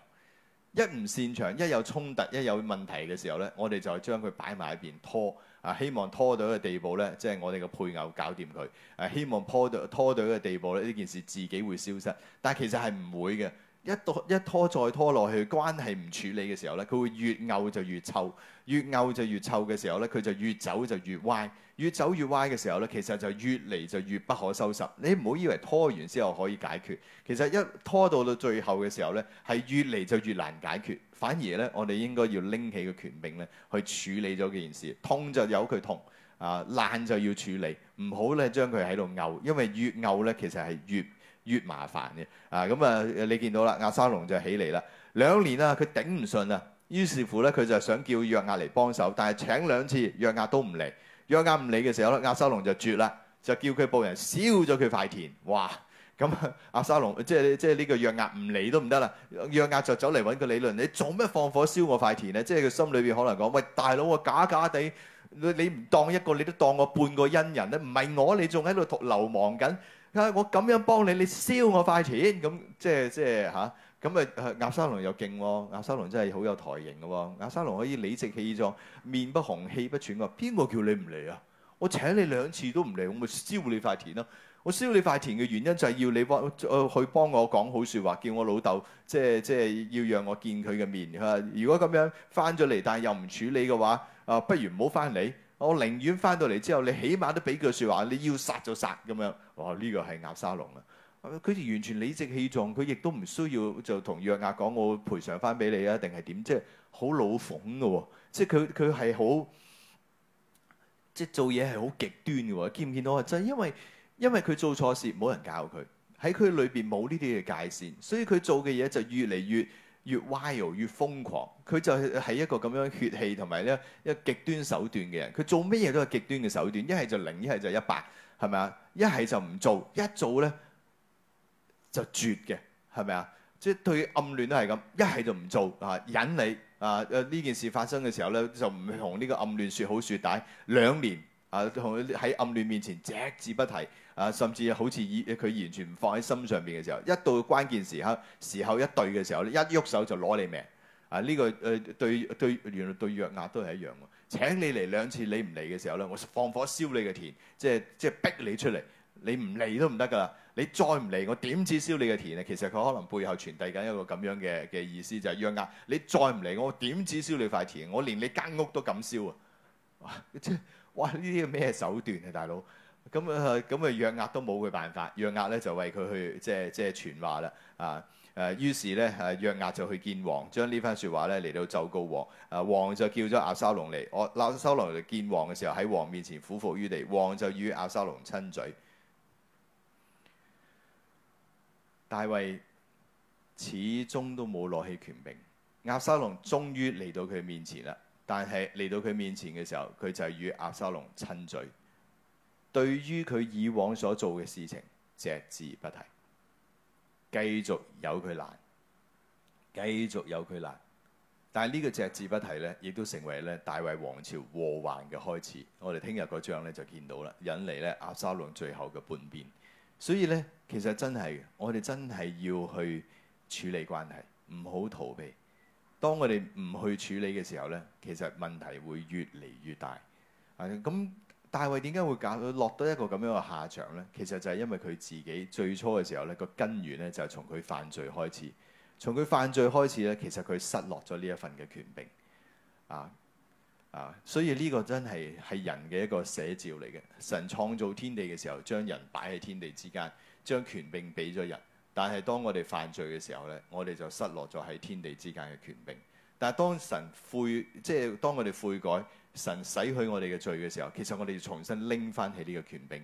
一唔擅長，一有衝突，一有問題嘅時候咧，我哋就係將佢擺埋一邊拖。啊、就是！希望拖到一個地步咧，即係我哋嘅配偶搞掂佢。誒，希望拖到拖到一個地步咧，呢件事自己會消失。但係其實係唔會嘅。一拖一拖再拖落去，關係唔處理嘅時候咧，佢會越拗就越臭，越拗就越臭嘅時候咧，佢就越走就越歪，越走越歪嘅時候咧，其實就越嚟就越不可收拾。你唔好以為拖完之後可以解決，其實一拖到到最後嘅時候咧，係越嚟就越難解決。反而咧，我哋應該要拎起個權柄咧，去處理咗件事。痛就由佢痛，啊爛就要處理，唔好咧將佢喺度拗，因為越拗咧其實係越越麻煩嘅。啊咁啊，你見到啦，押沙龍就起嚟啦，兩年啦，佢頂唔順啦，於是乎咧佢就想叫約押嚟幫手，但係請兩次約押都唔嚟，約押唔嚟嘅時候咧，押沙龍就絕啦，就叫佢部人燒咗佢塊田，話。咁阿、啊、沙龍，即係即係呢個約押唔嚟都唔得啦。約押就走嚟揾佢理論：你做咩放火燒我塊田咧？即係佢心裏邊可能講：喂，大佬啊，假假地，你你唔當一個，你都當我半個恩人咧。唔係我，你仲喺度流亡緊。我咁樣幫你，你燒我塊田咁，即係即係嚇。咁啊，阿、啊啊啊、沙龍又勁喎、啊，押沙龍真係好有台型嘅喎。押沙龍可以理直氣壯、面不紅、氣不喘嘅。邊個叫你唔嚟啊？我請你兩次都唔嚟，我咪燒你塊田咯。我燒你塊田嘅原因就係要你幫、呃、去幫我講好説話，叫我老豆即係即係要讓我見佢嘅面。佢如果咁樣翻咗嚟，但係又唔處理嘅話，啊、呃，不如唔好翻嚟。我寧願翻到嚟之後，你起碼都俾句説話，你要殺就殺咁樣。哇！呢、這個係押沙龍啊！佢、呃、哋完全理直氣壯，佢亦都唔需要就同約押講我賠償翻俾你啊，定係點？即係好老奉嘅喎，即係佢佢係好即係做嘢係好極端嘅喎。見唔見到啊？就是、因為。因為佢做錯事，冇人教佢喺佢裏邊冇呢啲嘅界線，所以佢做嘅嘢就越嚟越越歪哦，越瘋狂。佢就係一個咁樣血氣同埋咧一個極端手段嘅人。佢做乜嘢都係極端嘅手段，一係就零，一係就一百，係咪啊？一係就唔做，一做咧就絕嘅，係咪、就是、啊？即係對暗嫩都係咁，一係就唔做啊，忍你啊，呢件事發生嘅時候咧就唔同呢個暗嫩說好說歹兩年啊，同佢喺暗嫩面前隻字、呃、不提。啊，甚至好似以佢完全唔放喺心上邊嘅時候，一到關鍵時刻，時候一對嘅時候咧，一喐手就攞你命。啊，呢、這個誒、呃、對對，原來對約押都係一樣喎。請你嚟兩次你唔嚟嘅時候咧，我放火燒你嘅田，即係即係逼你出嚟。你唔嚟都唔得噶喇，你再唔嚟我點止燒你嘅田啊？其實佢可能背後傳遞緊一個咁樣嘅嘅意思，就係約押，你再唔嚟我點止燒你塊田？我連你間屋都敢燒啊！哇，哇，呢啲係咩手段啊，大佬？咁啊，咁啊、嗯，約押都冇佢辦法。約押咧就為佢去即係即係傳話啦。啊誒，於是咧，約押就去見王，將呢番説話咧嚟到奏告王。啊，王就叫咗押沙龍嚟。我押沙龍嚟見王嘅時候，喺王面前俯伏於地。王就與押沙龍親嘴。大衛始終都冇攞起權柄。押沙龍終於嚟到佢面前啦，但係嚟到佢面前嘅時候，佢就與押沙龍親嘴。對於佢以往所做嘅事情，隻字不提，繼續有佢難，繼續有佢難。但係呢個隻字不提呢，亦都成為咧大衛王朝禍患嘅開始。我哋聽日嗰章呢就見到啦，引嚟咧押沙龍最後嘅叛變。所以呢，其實真係我哋真係要去處理關係，唔好逃避。當我哋唔去處理嘅時候呢，其實問題會越嚟越大。啊，咁。大衛點解會搞到落到一個咁樣嘅下場呢？其實就係因為佢自己最初嘅時候咧，個根源咧就係從佢犯罪開始。從佢犯罪開始咧，其實佢失落咗呢一份嘅權柄。啊啊，所以呢個真係係人嘅一個寫照嚟嘅。神創造天地嘅時候，將人擺喺天地之間，將權柄俾咗人。但係當我哋犯罪嘅時候咧，我哋就失落咗喺天地之間嘅權柄。但係當神悔，即係當我哋悔改。神洗去我哋嘅罪嘅時候，其實我哋要重新拎翻起呢個權柄。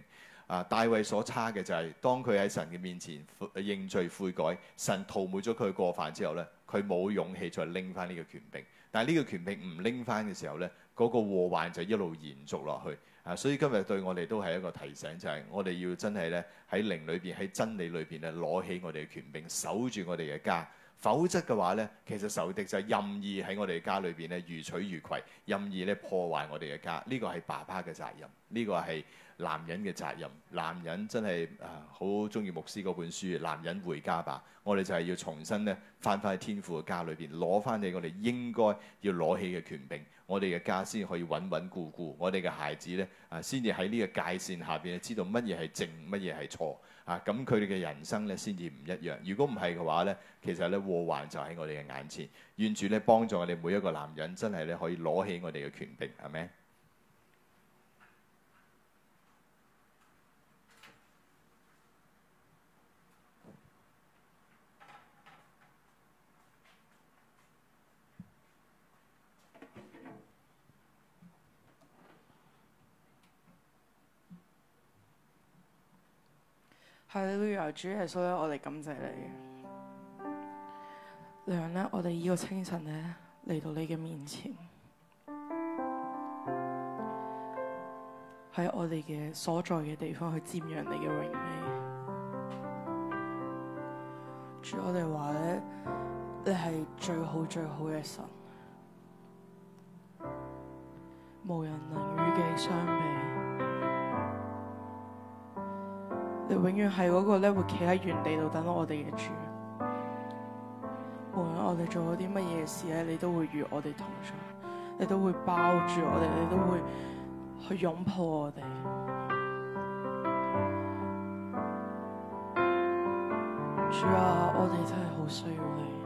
啊，大衛所差嘅就係當佢喺神嘅面前認罪悔改，神塗抹咗佢過犯之後咧，佢冇勇氣再拎翻呢個權柄。但係呢個權柄唔拎翻嘅時候咧，嗰個禍患就一路延續落去。啊，所以今日對我哋都係一個提醒，就係我哋要真係咧喺靈裏邊喺真理裏邊咧攞起我哋嘅權柄，守住我哋嘅家。否則嘅話咧，其實仇敵就任意喺我哋嘅家裏邊咧，如取如攜，任意咧破壞我哋嘅家。呢、這個係爸爸嘅責任，呢、這個係男人嘅責任。男人真係啊，好中意牧師嗰本書《男人回家吧》。我哋就係要重新咧翻返去天父嘅家裏邊，攞翻你我哋應該要攞起嘅權柄，我哋嘅家先可以穩穩固固。我哋嘅孩子咧啊、呃，先至喺呢個界線下邊，知道乜嘢係正，乜嘢係錯。啊，咁佢哋嘅人生咧，先至唔一樣。如果唔係嘅話咧，其實咧禍患就喺我哋嘅眼前。願主咧幫助我哋每一個男人，真係咧可以攞起我哋嘅權柄，係咪？喺旅遊主耶穌咧，我哋感謝你。讓咧，我哋呢個清晨咧，嚟到你嘅面前，喺我哋嘅所在嘅地方去瞻仰你嘅榮美。主，我哋話咧，你係最好最好嘅神，無人能與你相比。你永遠係嗰個咧，會企喺原地度等我哋嘅主，無論我哋做咗啲乜嘢事，你都會與我哋同在，你都會包住我哋，你都會去擁抱我哋。主啊，我哋真係好需要你。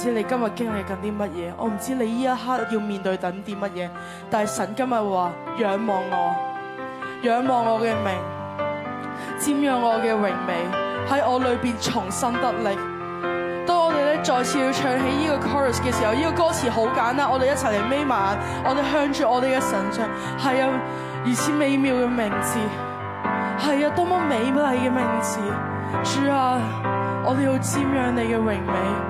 知你今日經歷緊啲乜嘢，我唔知你呢一刻要面對緊啲乜嘢，但係神今日話：仰望我，仰望我嘅名，瞻仰我嘅榮美喺我裏邊重新得力。當我哋咧再次要唱起呢個 chorus 嘅時候，呢、這個歌詞好簡單，我哋一齊嚟眯埋眼，我哋向住我哋嘅神唱：係有、啊、如此美妙嘅名字，係啊，多麼美麗嘅名字，主啊，我哋要瞻仰你嘅榮美。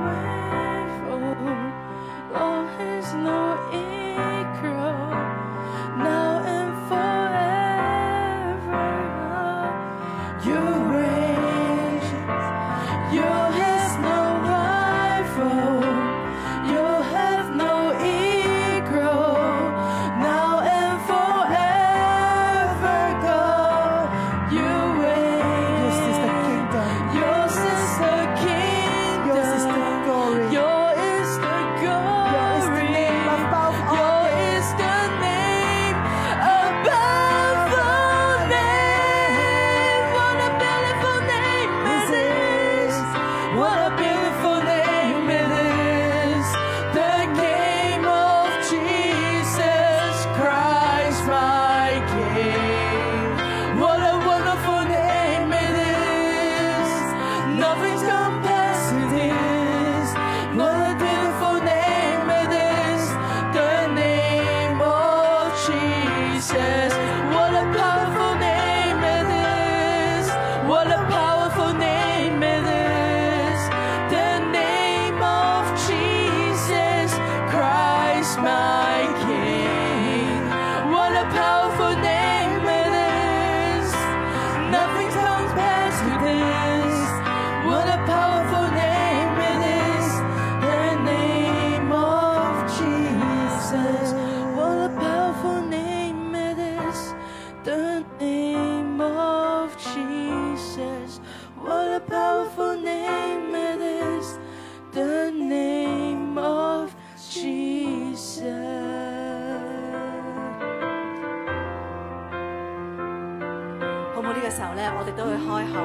喺冇呢個時候咧，我哋都會開口，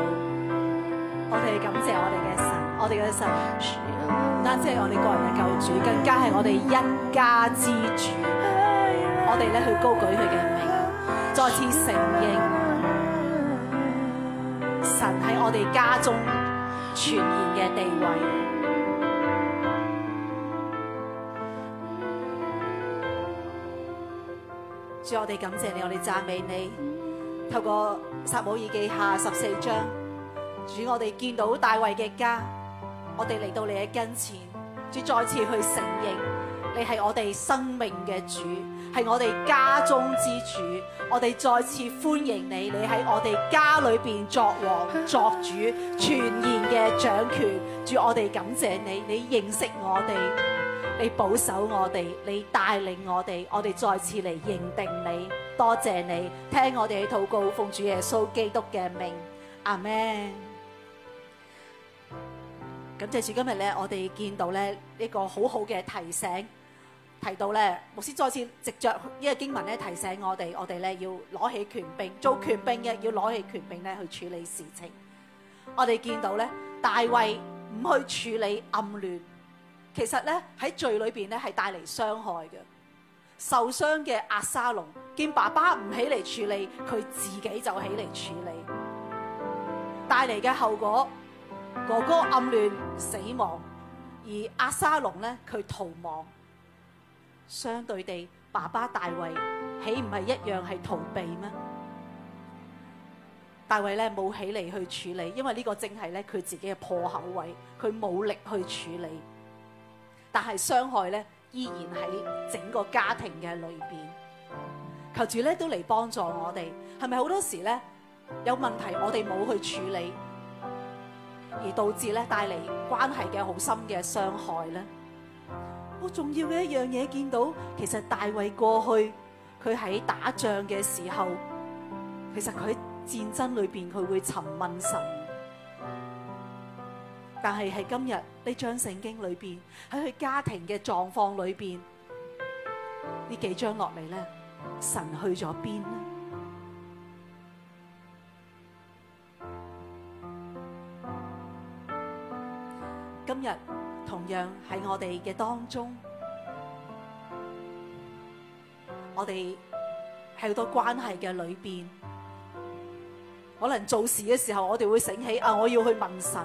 我哋感謝我哋嘅神，我哋嘅神唔單止係我哋個人嘅救主，更加係我哋一家之主。我哋咧去高舉佢嘅名，再次承認神喺我哋家中全然嘅地位。主，我哋感謝你，我哋讚美你。透過撒母耳記下十四章，主，我哋見到大衛嘅家，我哋嚟到你嘅跟前，主，再次去承認你係我哋生命嘅主，係我哋家中之主，我哋再次歡迎你，你喺我哋家裏邊作王作主，全然嘅掌權，主，我哋感謝你，你認識我哋，你保守我哋，你帶領我哋，我哋再次嚟認定你。多謝你聽我哋嘅禱告，奉主耶穌基督嘅名。阿門。咁借住今日咧，我哋見到咧一個好好嘅提醒，提到咧牧師再次藉着呢個經文咧提醒我哋，我哋咧要攞起權柄，做權柄嘅要攞起權柄咧去處理事情。我哋見到咧大衛唔去處理暗戀，其實咧喺罪裏邊咧係帶嚟傷害嘅。受傷嘅押沙龍見爸爸唔起嚟處理，佢自己就起嚟處理，帶嚟嘅後果，哥哥暗嫩死亡，而押沙龍咧佢逃亡，相對地，爸爸大衛豈唔係一樣係逃避咩？大衛咧冇起嚟去處理，因為呢個正係咧佢自己嘅破口位，佢冇力去處理，但係傷害咧。依然喺整個家庭嘅裏邊求主咧，都嚟幫助我哋。係咪好多時咧有問題，我哋冇去處理，而導致咧帶嚟關係嘅好深嘅傷害咧？好重要嘅一樣嘢，見到其實大衛過去佢喺打仗嘅時候，其實佢喺戰爭裏邊佢會尋問神。但係喺今日呢章聖經裏邊，喺佢家庭嘅狀況裏邊，呢幾章落嚟咧，神去咗邊咧？今日同樣喺我哋嘅當中，我哋喺好多關係嘅裏邊，可能做事嘅時候，我哋會醒起啊，我要去問神。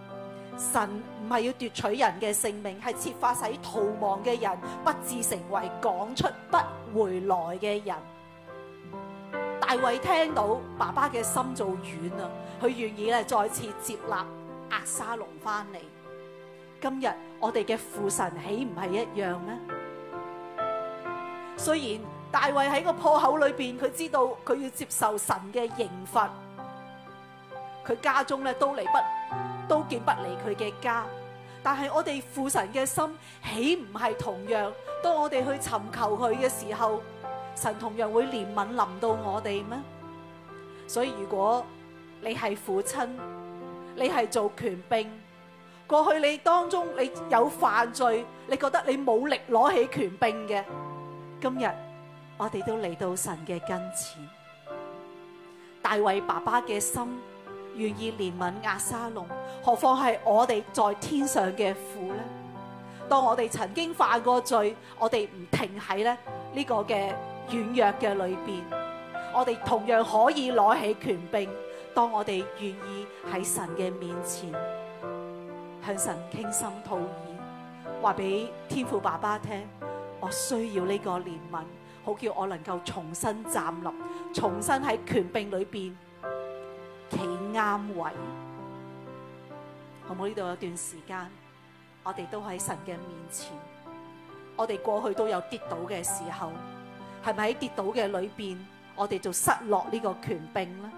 神唔係要奪取人嘅性命，係設法使逃亡嘅人不至成為講出不回來嘅人。大衛聽到爸爸嘅心做軟啦，佢願意咧再次接納押沙龍翻嚟。今日我哋嘅父神豈唔係一樣咩？雖然大衛喺個破口裏邊，佢知道佢要接受神嘅刑罰，佢家中咧都離不。都見不離佢嘅家，但係我哋父神嘅心豈唔係同樣？當我哋去尋求佢嘅時候，神同樣會憐憫臨到我哋咩？所以如果你係父親，你係做權柄，過去你當中你有犯罪，你覺得你冇力攞起權柄嘅，今日我哋都嚟到神嘅跟前。大衛爸爸嘅心。願意憐憫押沙龍，何況係我哋在天上嘅父呢？當我哋曾經犯過罪，我哋唔停喺呢呢個嘅軟弱嘅裏邊，我哋同樣可以攞起權柄。當我哋願意喺神嘅面前向神傾心吐意，話俾天父爸爸聽，我需要呢個憐憫，好叫我能夠重新站立，重新喺權柄裏邊企。啱位，好唔好？呢度有段時間，我哋都喺神嘅面前，我哋過去都有跌倒嘅時候，係咪喺跌倒嘅裏面，我哋就失落呢個權柄咧？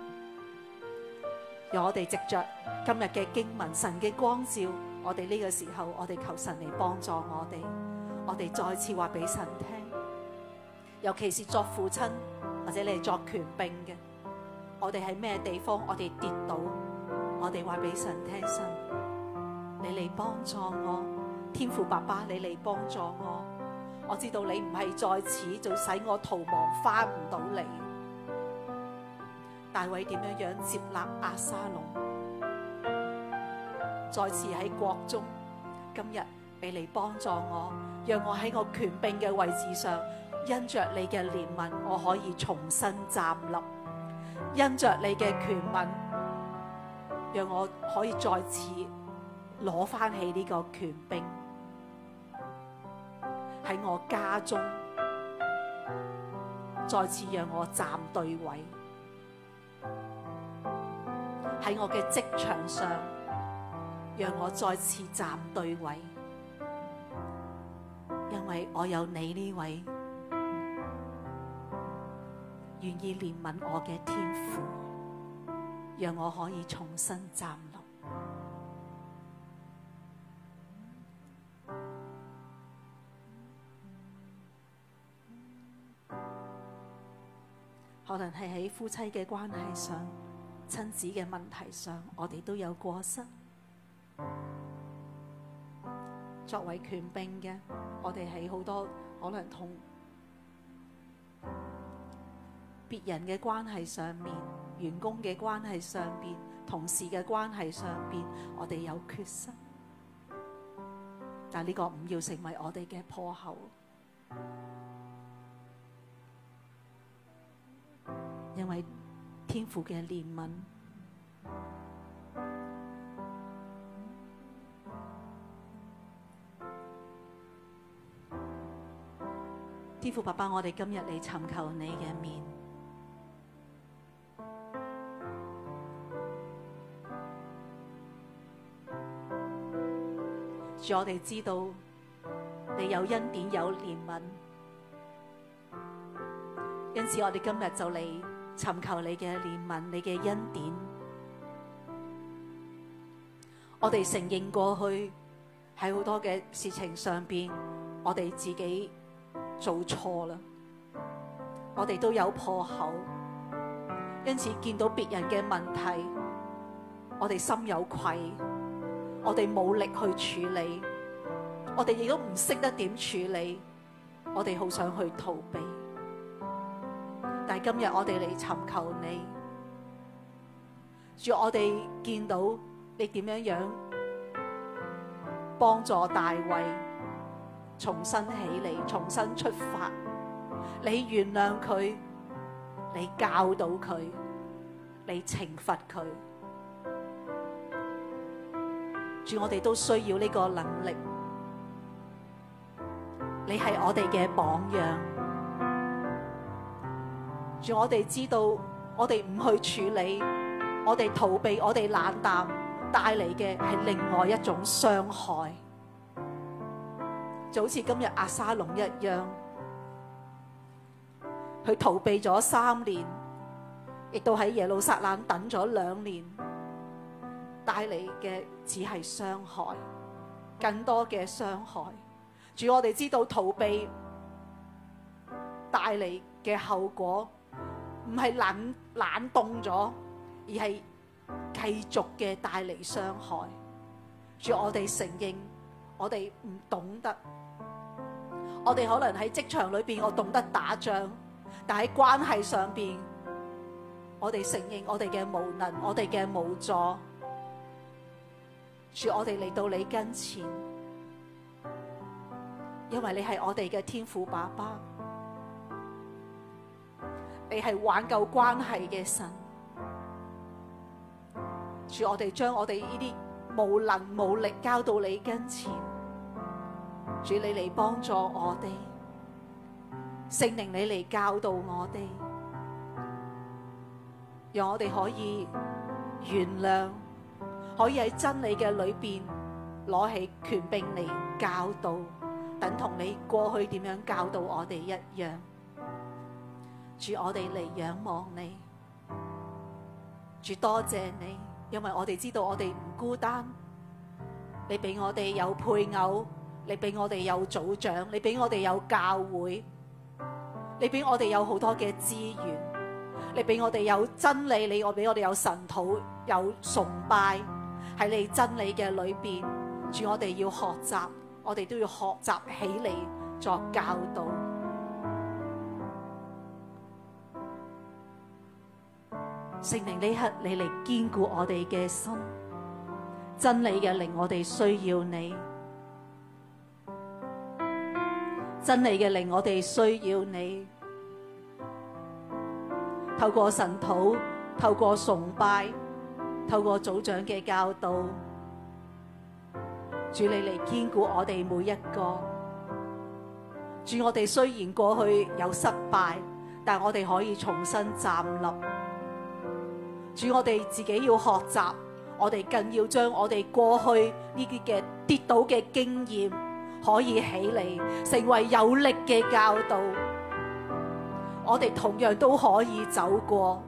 由我哋藉着今日嘅經文，神嘅光照，我哋呢個時候，我哋求神嚟幫助我哋，我哋再次話俾神聽，尤其是作父親或者你係作權柄嘅。我哋喺咩地方？我哋跌倒，我哋話俾神聽：神，你嚟幫助我，天父爸爸，你嚟幫助我。我知道你唔係在此，就使我逃亡翻唔到嚟。大衛點樣樣接納押沙龍？再次喺國中，今日你嚟幫助我，讓我喺我權柄嘅位置上，因着你嘅憐憫，我可以重新站立。因着你嘅權柄，讓我可以再次攞翻起呢個權柄，喺我家中，再次讓我站對位，喺我嘅職場上，讓我再次站對位，因為我有你呢位。願意憐憫我嘅天父，讓我可以重新站立。 [noise] 可能係喺夫妻嘅關係上、親子嘅問題上，我哋都有過失。作為權柄嘅我哋，喺好多可能同。別人嘅關係上面，員工嘅關係上面，同事嘅關係上面，我哋有決心，但呢個唔要成為我哋嘅破口，因為天父嘅憐憫，天父爸爸，我哋今日嚟尋求你嘅面。主，我哋知道你有恩典有憐憫，因此我哋今日就嚟尋求你嘅憐憫、你嘅恩典。我哋承認過去喺好多嘅事情上面，我哋自己做錯啦，我哋都有破口，因此見到別人嘅問題，我哋心有愧。我哋冇力去處理，我哋亦都唔識得點處理，我哋好想去逃避。但係今日我哋嚟尋求你，要我哋見到你點樣樣幫助大衛重新起嚟、重新出發。你原諒佢，你教導佢，你懲罰佢。住我哋都需要呢個能力，你係我哋嘅榜樣。住我哋知道，我哋唔去處理，我哋逃避，我哋冷淡，帶嚟嘅係另外一種傷害。就好似今日押沙龍一樣，佢逃避咗三年，亦都喺耶路撒冷等咗兩年，帶嚟嘅。只係傷害，更多嘅傷害。主，我哋知道逃避帶嚟嘅後果，唔係冷冷凍咗，而係繼續嘅帶嚟傷害。主，我哋承認我哋唔懂得，我哋可能喺職場裏邊我懂得打仗，但喺關係上邊，我哋承認我哋嘅無能，我哋嘅無助。主我哋嚟到你跟前，因為你係我哋嘅天父爸爸，你係挽救關係嘅神。主我哋將我哋呢啲無能無力交到你跟前，主你嚟幫助我哋，聖靈你嚟教導我哋，讓我哋可以原諒。可以喺真理嘅裏邊攞起權柄嚟教導，等同你過去點樣教導我哋一樣。主，我哋嚟仰望你，主，多謝你，因為我哋知道我哋唔孤單。你俾我哋有配偶，你俾我哋有組長，你俾我哋有教會，你俾我哋有好多嘅資源，你俾我哋有真理，你我俾我哋有神徒，有崇拜。喺你真理嘅裏邊，主，我哋要學習，我哋都要學習起嚟，作教導。聖靈呢刻你嚟堅固我哋嘅心，真理嘅靈我哋需要你，真理嘅靈我哋需要你，透過神土，透過崇拜，透過組長嘅教導，主你嚟堅固我哋每一個，主我哋雖然過去有失敗，但我哋可以重新站立。主我哋自己要學習，我哋更要將我哋過去呢啲嘅跌倒嘅經驗，可以起嚟成為有力嘅教導。我哋同樣都可以走過。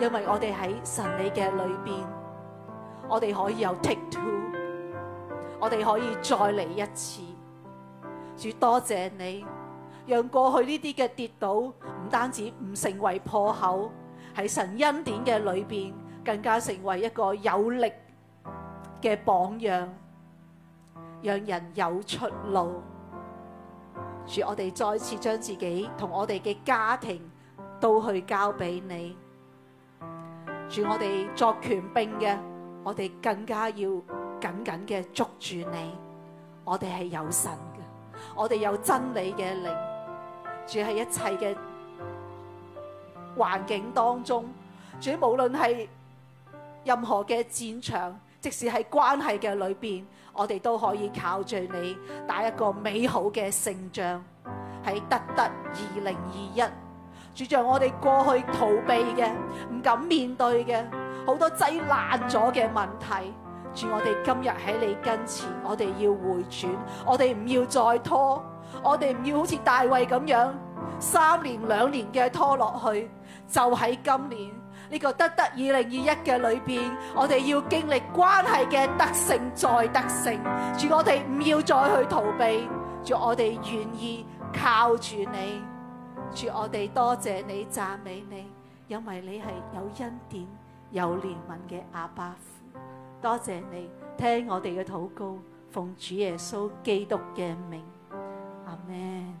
因為我哋喺神你嘅裏邊，我哋可以有 take two，我哋可以再嚟一次。主多謝你，讓過去呢啲嘅跌倒唔單止唔成為破口，喺神恩典嘅裏邊，更加成為一個有力嘅榜樣，讓人有出路。主，我哋再次將自己同我哋嘅家庭都去交俾你。主，我哋作權兵嘅，我哋更加要緊緊嘅捉住你。我哋係有神嘅，我哋有真理嘅靈，住喺一切嘅環境當中。主，無論係任何嘅戰場，即使喺關係嘅裏邊，我哋都可以靠住你打一個美好嘅勝仗，喺得得二零二一。主，就我哋過去逃避嘅，唔敢面對嘅好多擠爛咗嘅問題。主，我哋今日喺你跟前，我哋要回轉，我哋唔要再拖，我哋唔要好似大衛咁樣三年兩年嘅拖落去。就喺今年呢個得得二零二一嘅裏邊，我哋要經歷關係嘅得勝再得勝。主，我哋唔要再去逃避，主，我哋願意靠住你。主我哋多謝你讚美你，因為你係有恩典、有憐憫嘅阿爸父。多謝你聽我哋嘅禱告，奉主耶穌基督嘅名，阿門。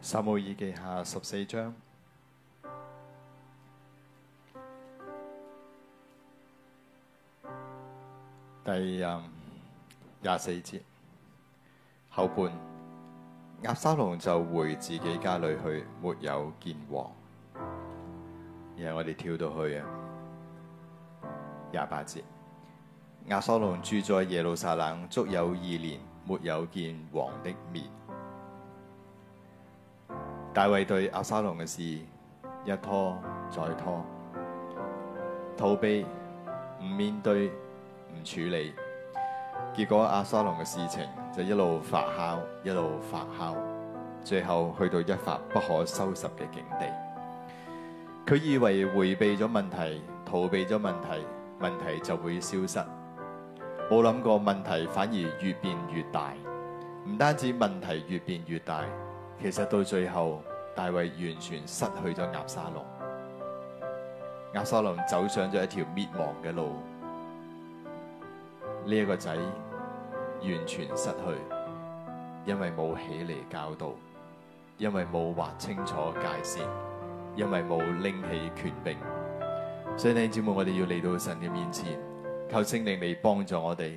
撒母耳記下十四章，第廿。廿四節後半，押沙龍就回自己家裏去，沒有見王。然後我哋跳到去啊，廿八節，押沙龍住在耶路撒冷，足有二年，沒有見王的面。大衛對押沙龍嘅事一拖再拖，逃避唔面對唔處理。結果押沙龍嘅事情就一路發酵，一路發酵，最後去到一發不可收拾嘅境地。佢以為回避咗問題，逃避咗問題，問題就會消失。冇諗過問題反而越變越大。唔單止問題越變越大，其實到最後大衛完全失去咗押沙龍。押沙龍走上咗一條滅亡嘅路。呢、這、一個仔。完全失去，因為冇起嚟教導，因為冇劃清楚界線，因為冇拎起權柄。所以呢，弟兄姊妹，我哋要嚟到神嘅面前，求聖靈嚟幫助我哋，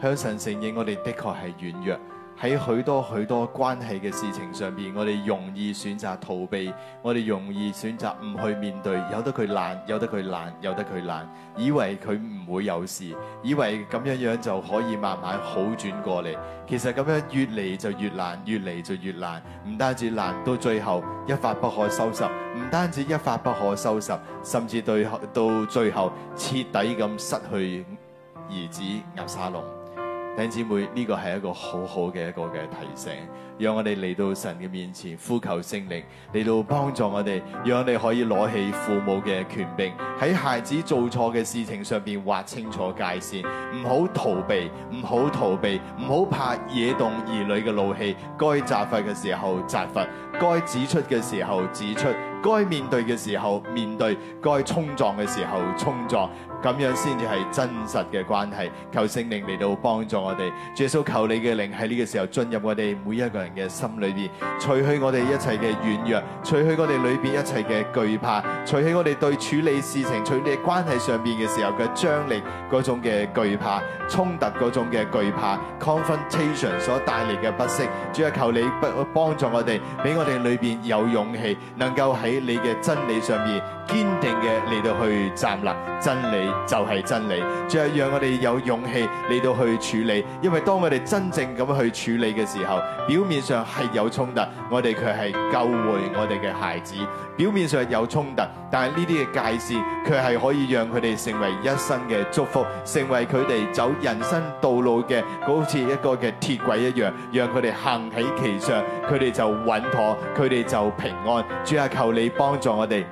向神承認我哋的確係軟弱。喺許多許多關係嘅事情上邊，我哋容易選擇逃避，我哋容易選擇唔去面對，由得佢爛，由得佢爛，由得佢爛，以為佢唔會有事，以為咁樣樣就可以慢慢好轉過嚟。其實咁樣越嚟就越難，越嚟就越難。唔單止難到最後一發不可收拾，唔單止一發不可收拾，甚至對到最後徹底咁失去兒子押沙龍。弟兄姊妹，呢個係一個好好嘅一個嘅提醒，讓我哋嚟到神嘅面前呼求聖靈，嚟到幫助我哋，讓你可以攞起父母嘅權柄，喺孩子做錯嘅事情上邊劃清楚界線，唔好逃避，唔好逃避，唔好怕惹動兒女嘅怒氣，該責罰嘅時候責罰，該指出嘅時候指出，該面對嘅時候面對，該衝撞嘅時候衝撞。咁樣先至係真實嘅關係，求聖靈嚟到幫助我哋。耶穌，求你嘅靈喺呢個時候進入我哋每一個人嘅心裏邊，除去我哋一切嘅軟弱，除去我哋裏邊一切嘅懼怕，除去我哋對處理事情、處理關係上邊嘅時候嘅張力，嗰種嘅懼怕、衝突嗰種嘅懼怕、confrontation 所帶嚟嘅不適。主啊，求你不幫助我哋，俾我哋裏邊有勇氣，能夠喺你嘅真理上面堅定嘅嚟到去站立真理。就係真理，仲係讓我哋有勇氣嚟到去處理，因為當我哋真正咁去處理嘅時候，表面上係有衝突，我哋卻係救回我哋嘅孩子，表面上有衝突，但係呢啲嘅界線，卻係可以讓佢哋成為一生嘅祝福，成為佢哋走人生道路嘅好似一個嘅鐵軌一樣，讓佢哋行喺其上，佢哋就穩妥，佢哋就平安。主啊，求你幫助我哋。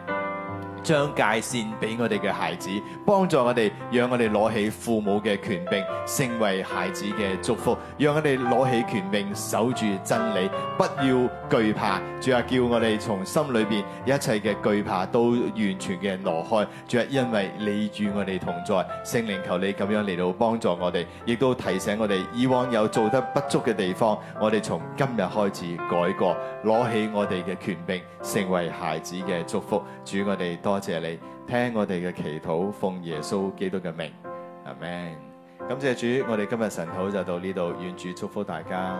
將界線俾我哋嘅孩子，幫助我哋，讓我哋攞起父母嘅權柄，成為孩子嘅祝福。讓我哋攞起權柄，守住真理，不要懼怕。仲啊，叫我哋從心裏邊一切嘅懼怕都完全嘅挪開。仲啊，因為你與我哋同在，聖靈求你咁樣嚟到幫助我哋，亦都提醒我哋以往有做得不足嘅地方，我哋從今日開始改過，攞起我哋嘅權柄，成為孩子嘅祝福。主我哋多謝你聽我哋嘅祈禱，奉耶穌基督嘅名，阿門，感謝主，我哋今日晨禱就到呢度，願主祝福大家。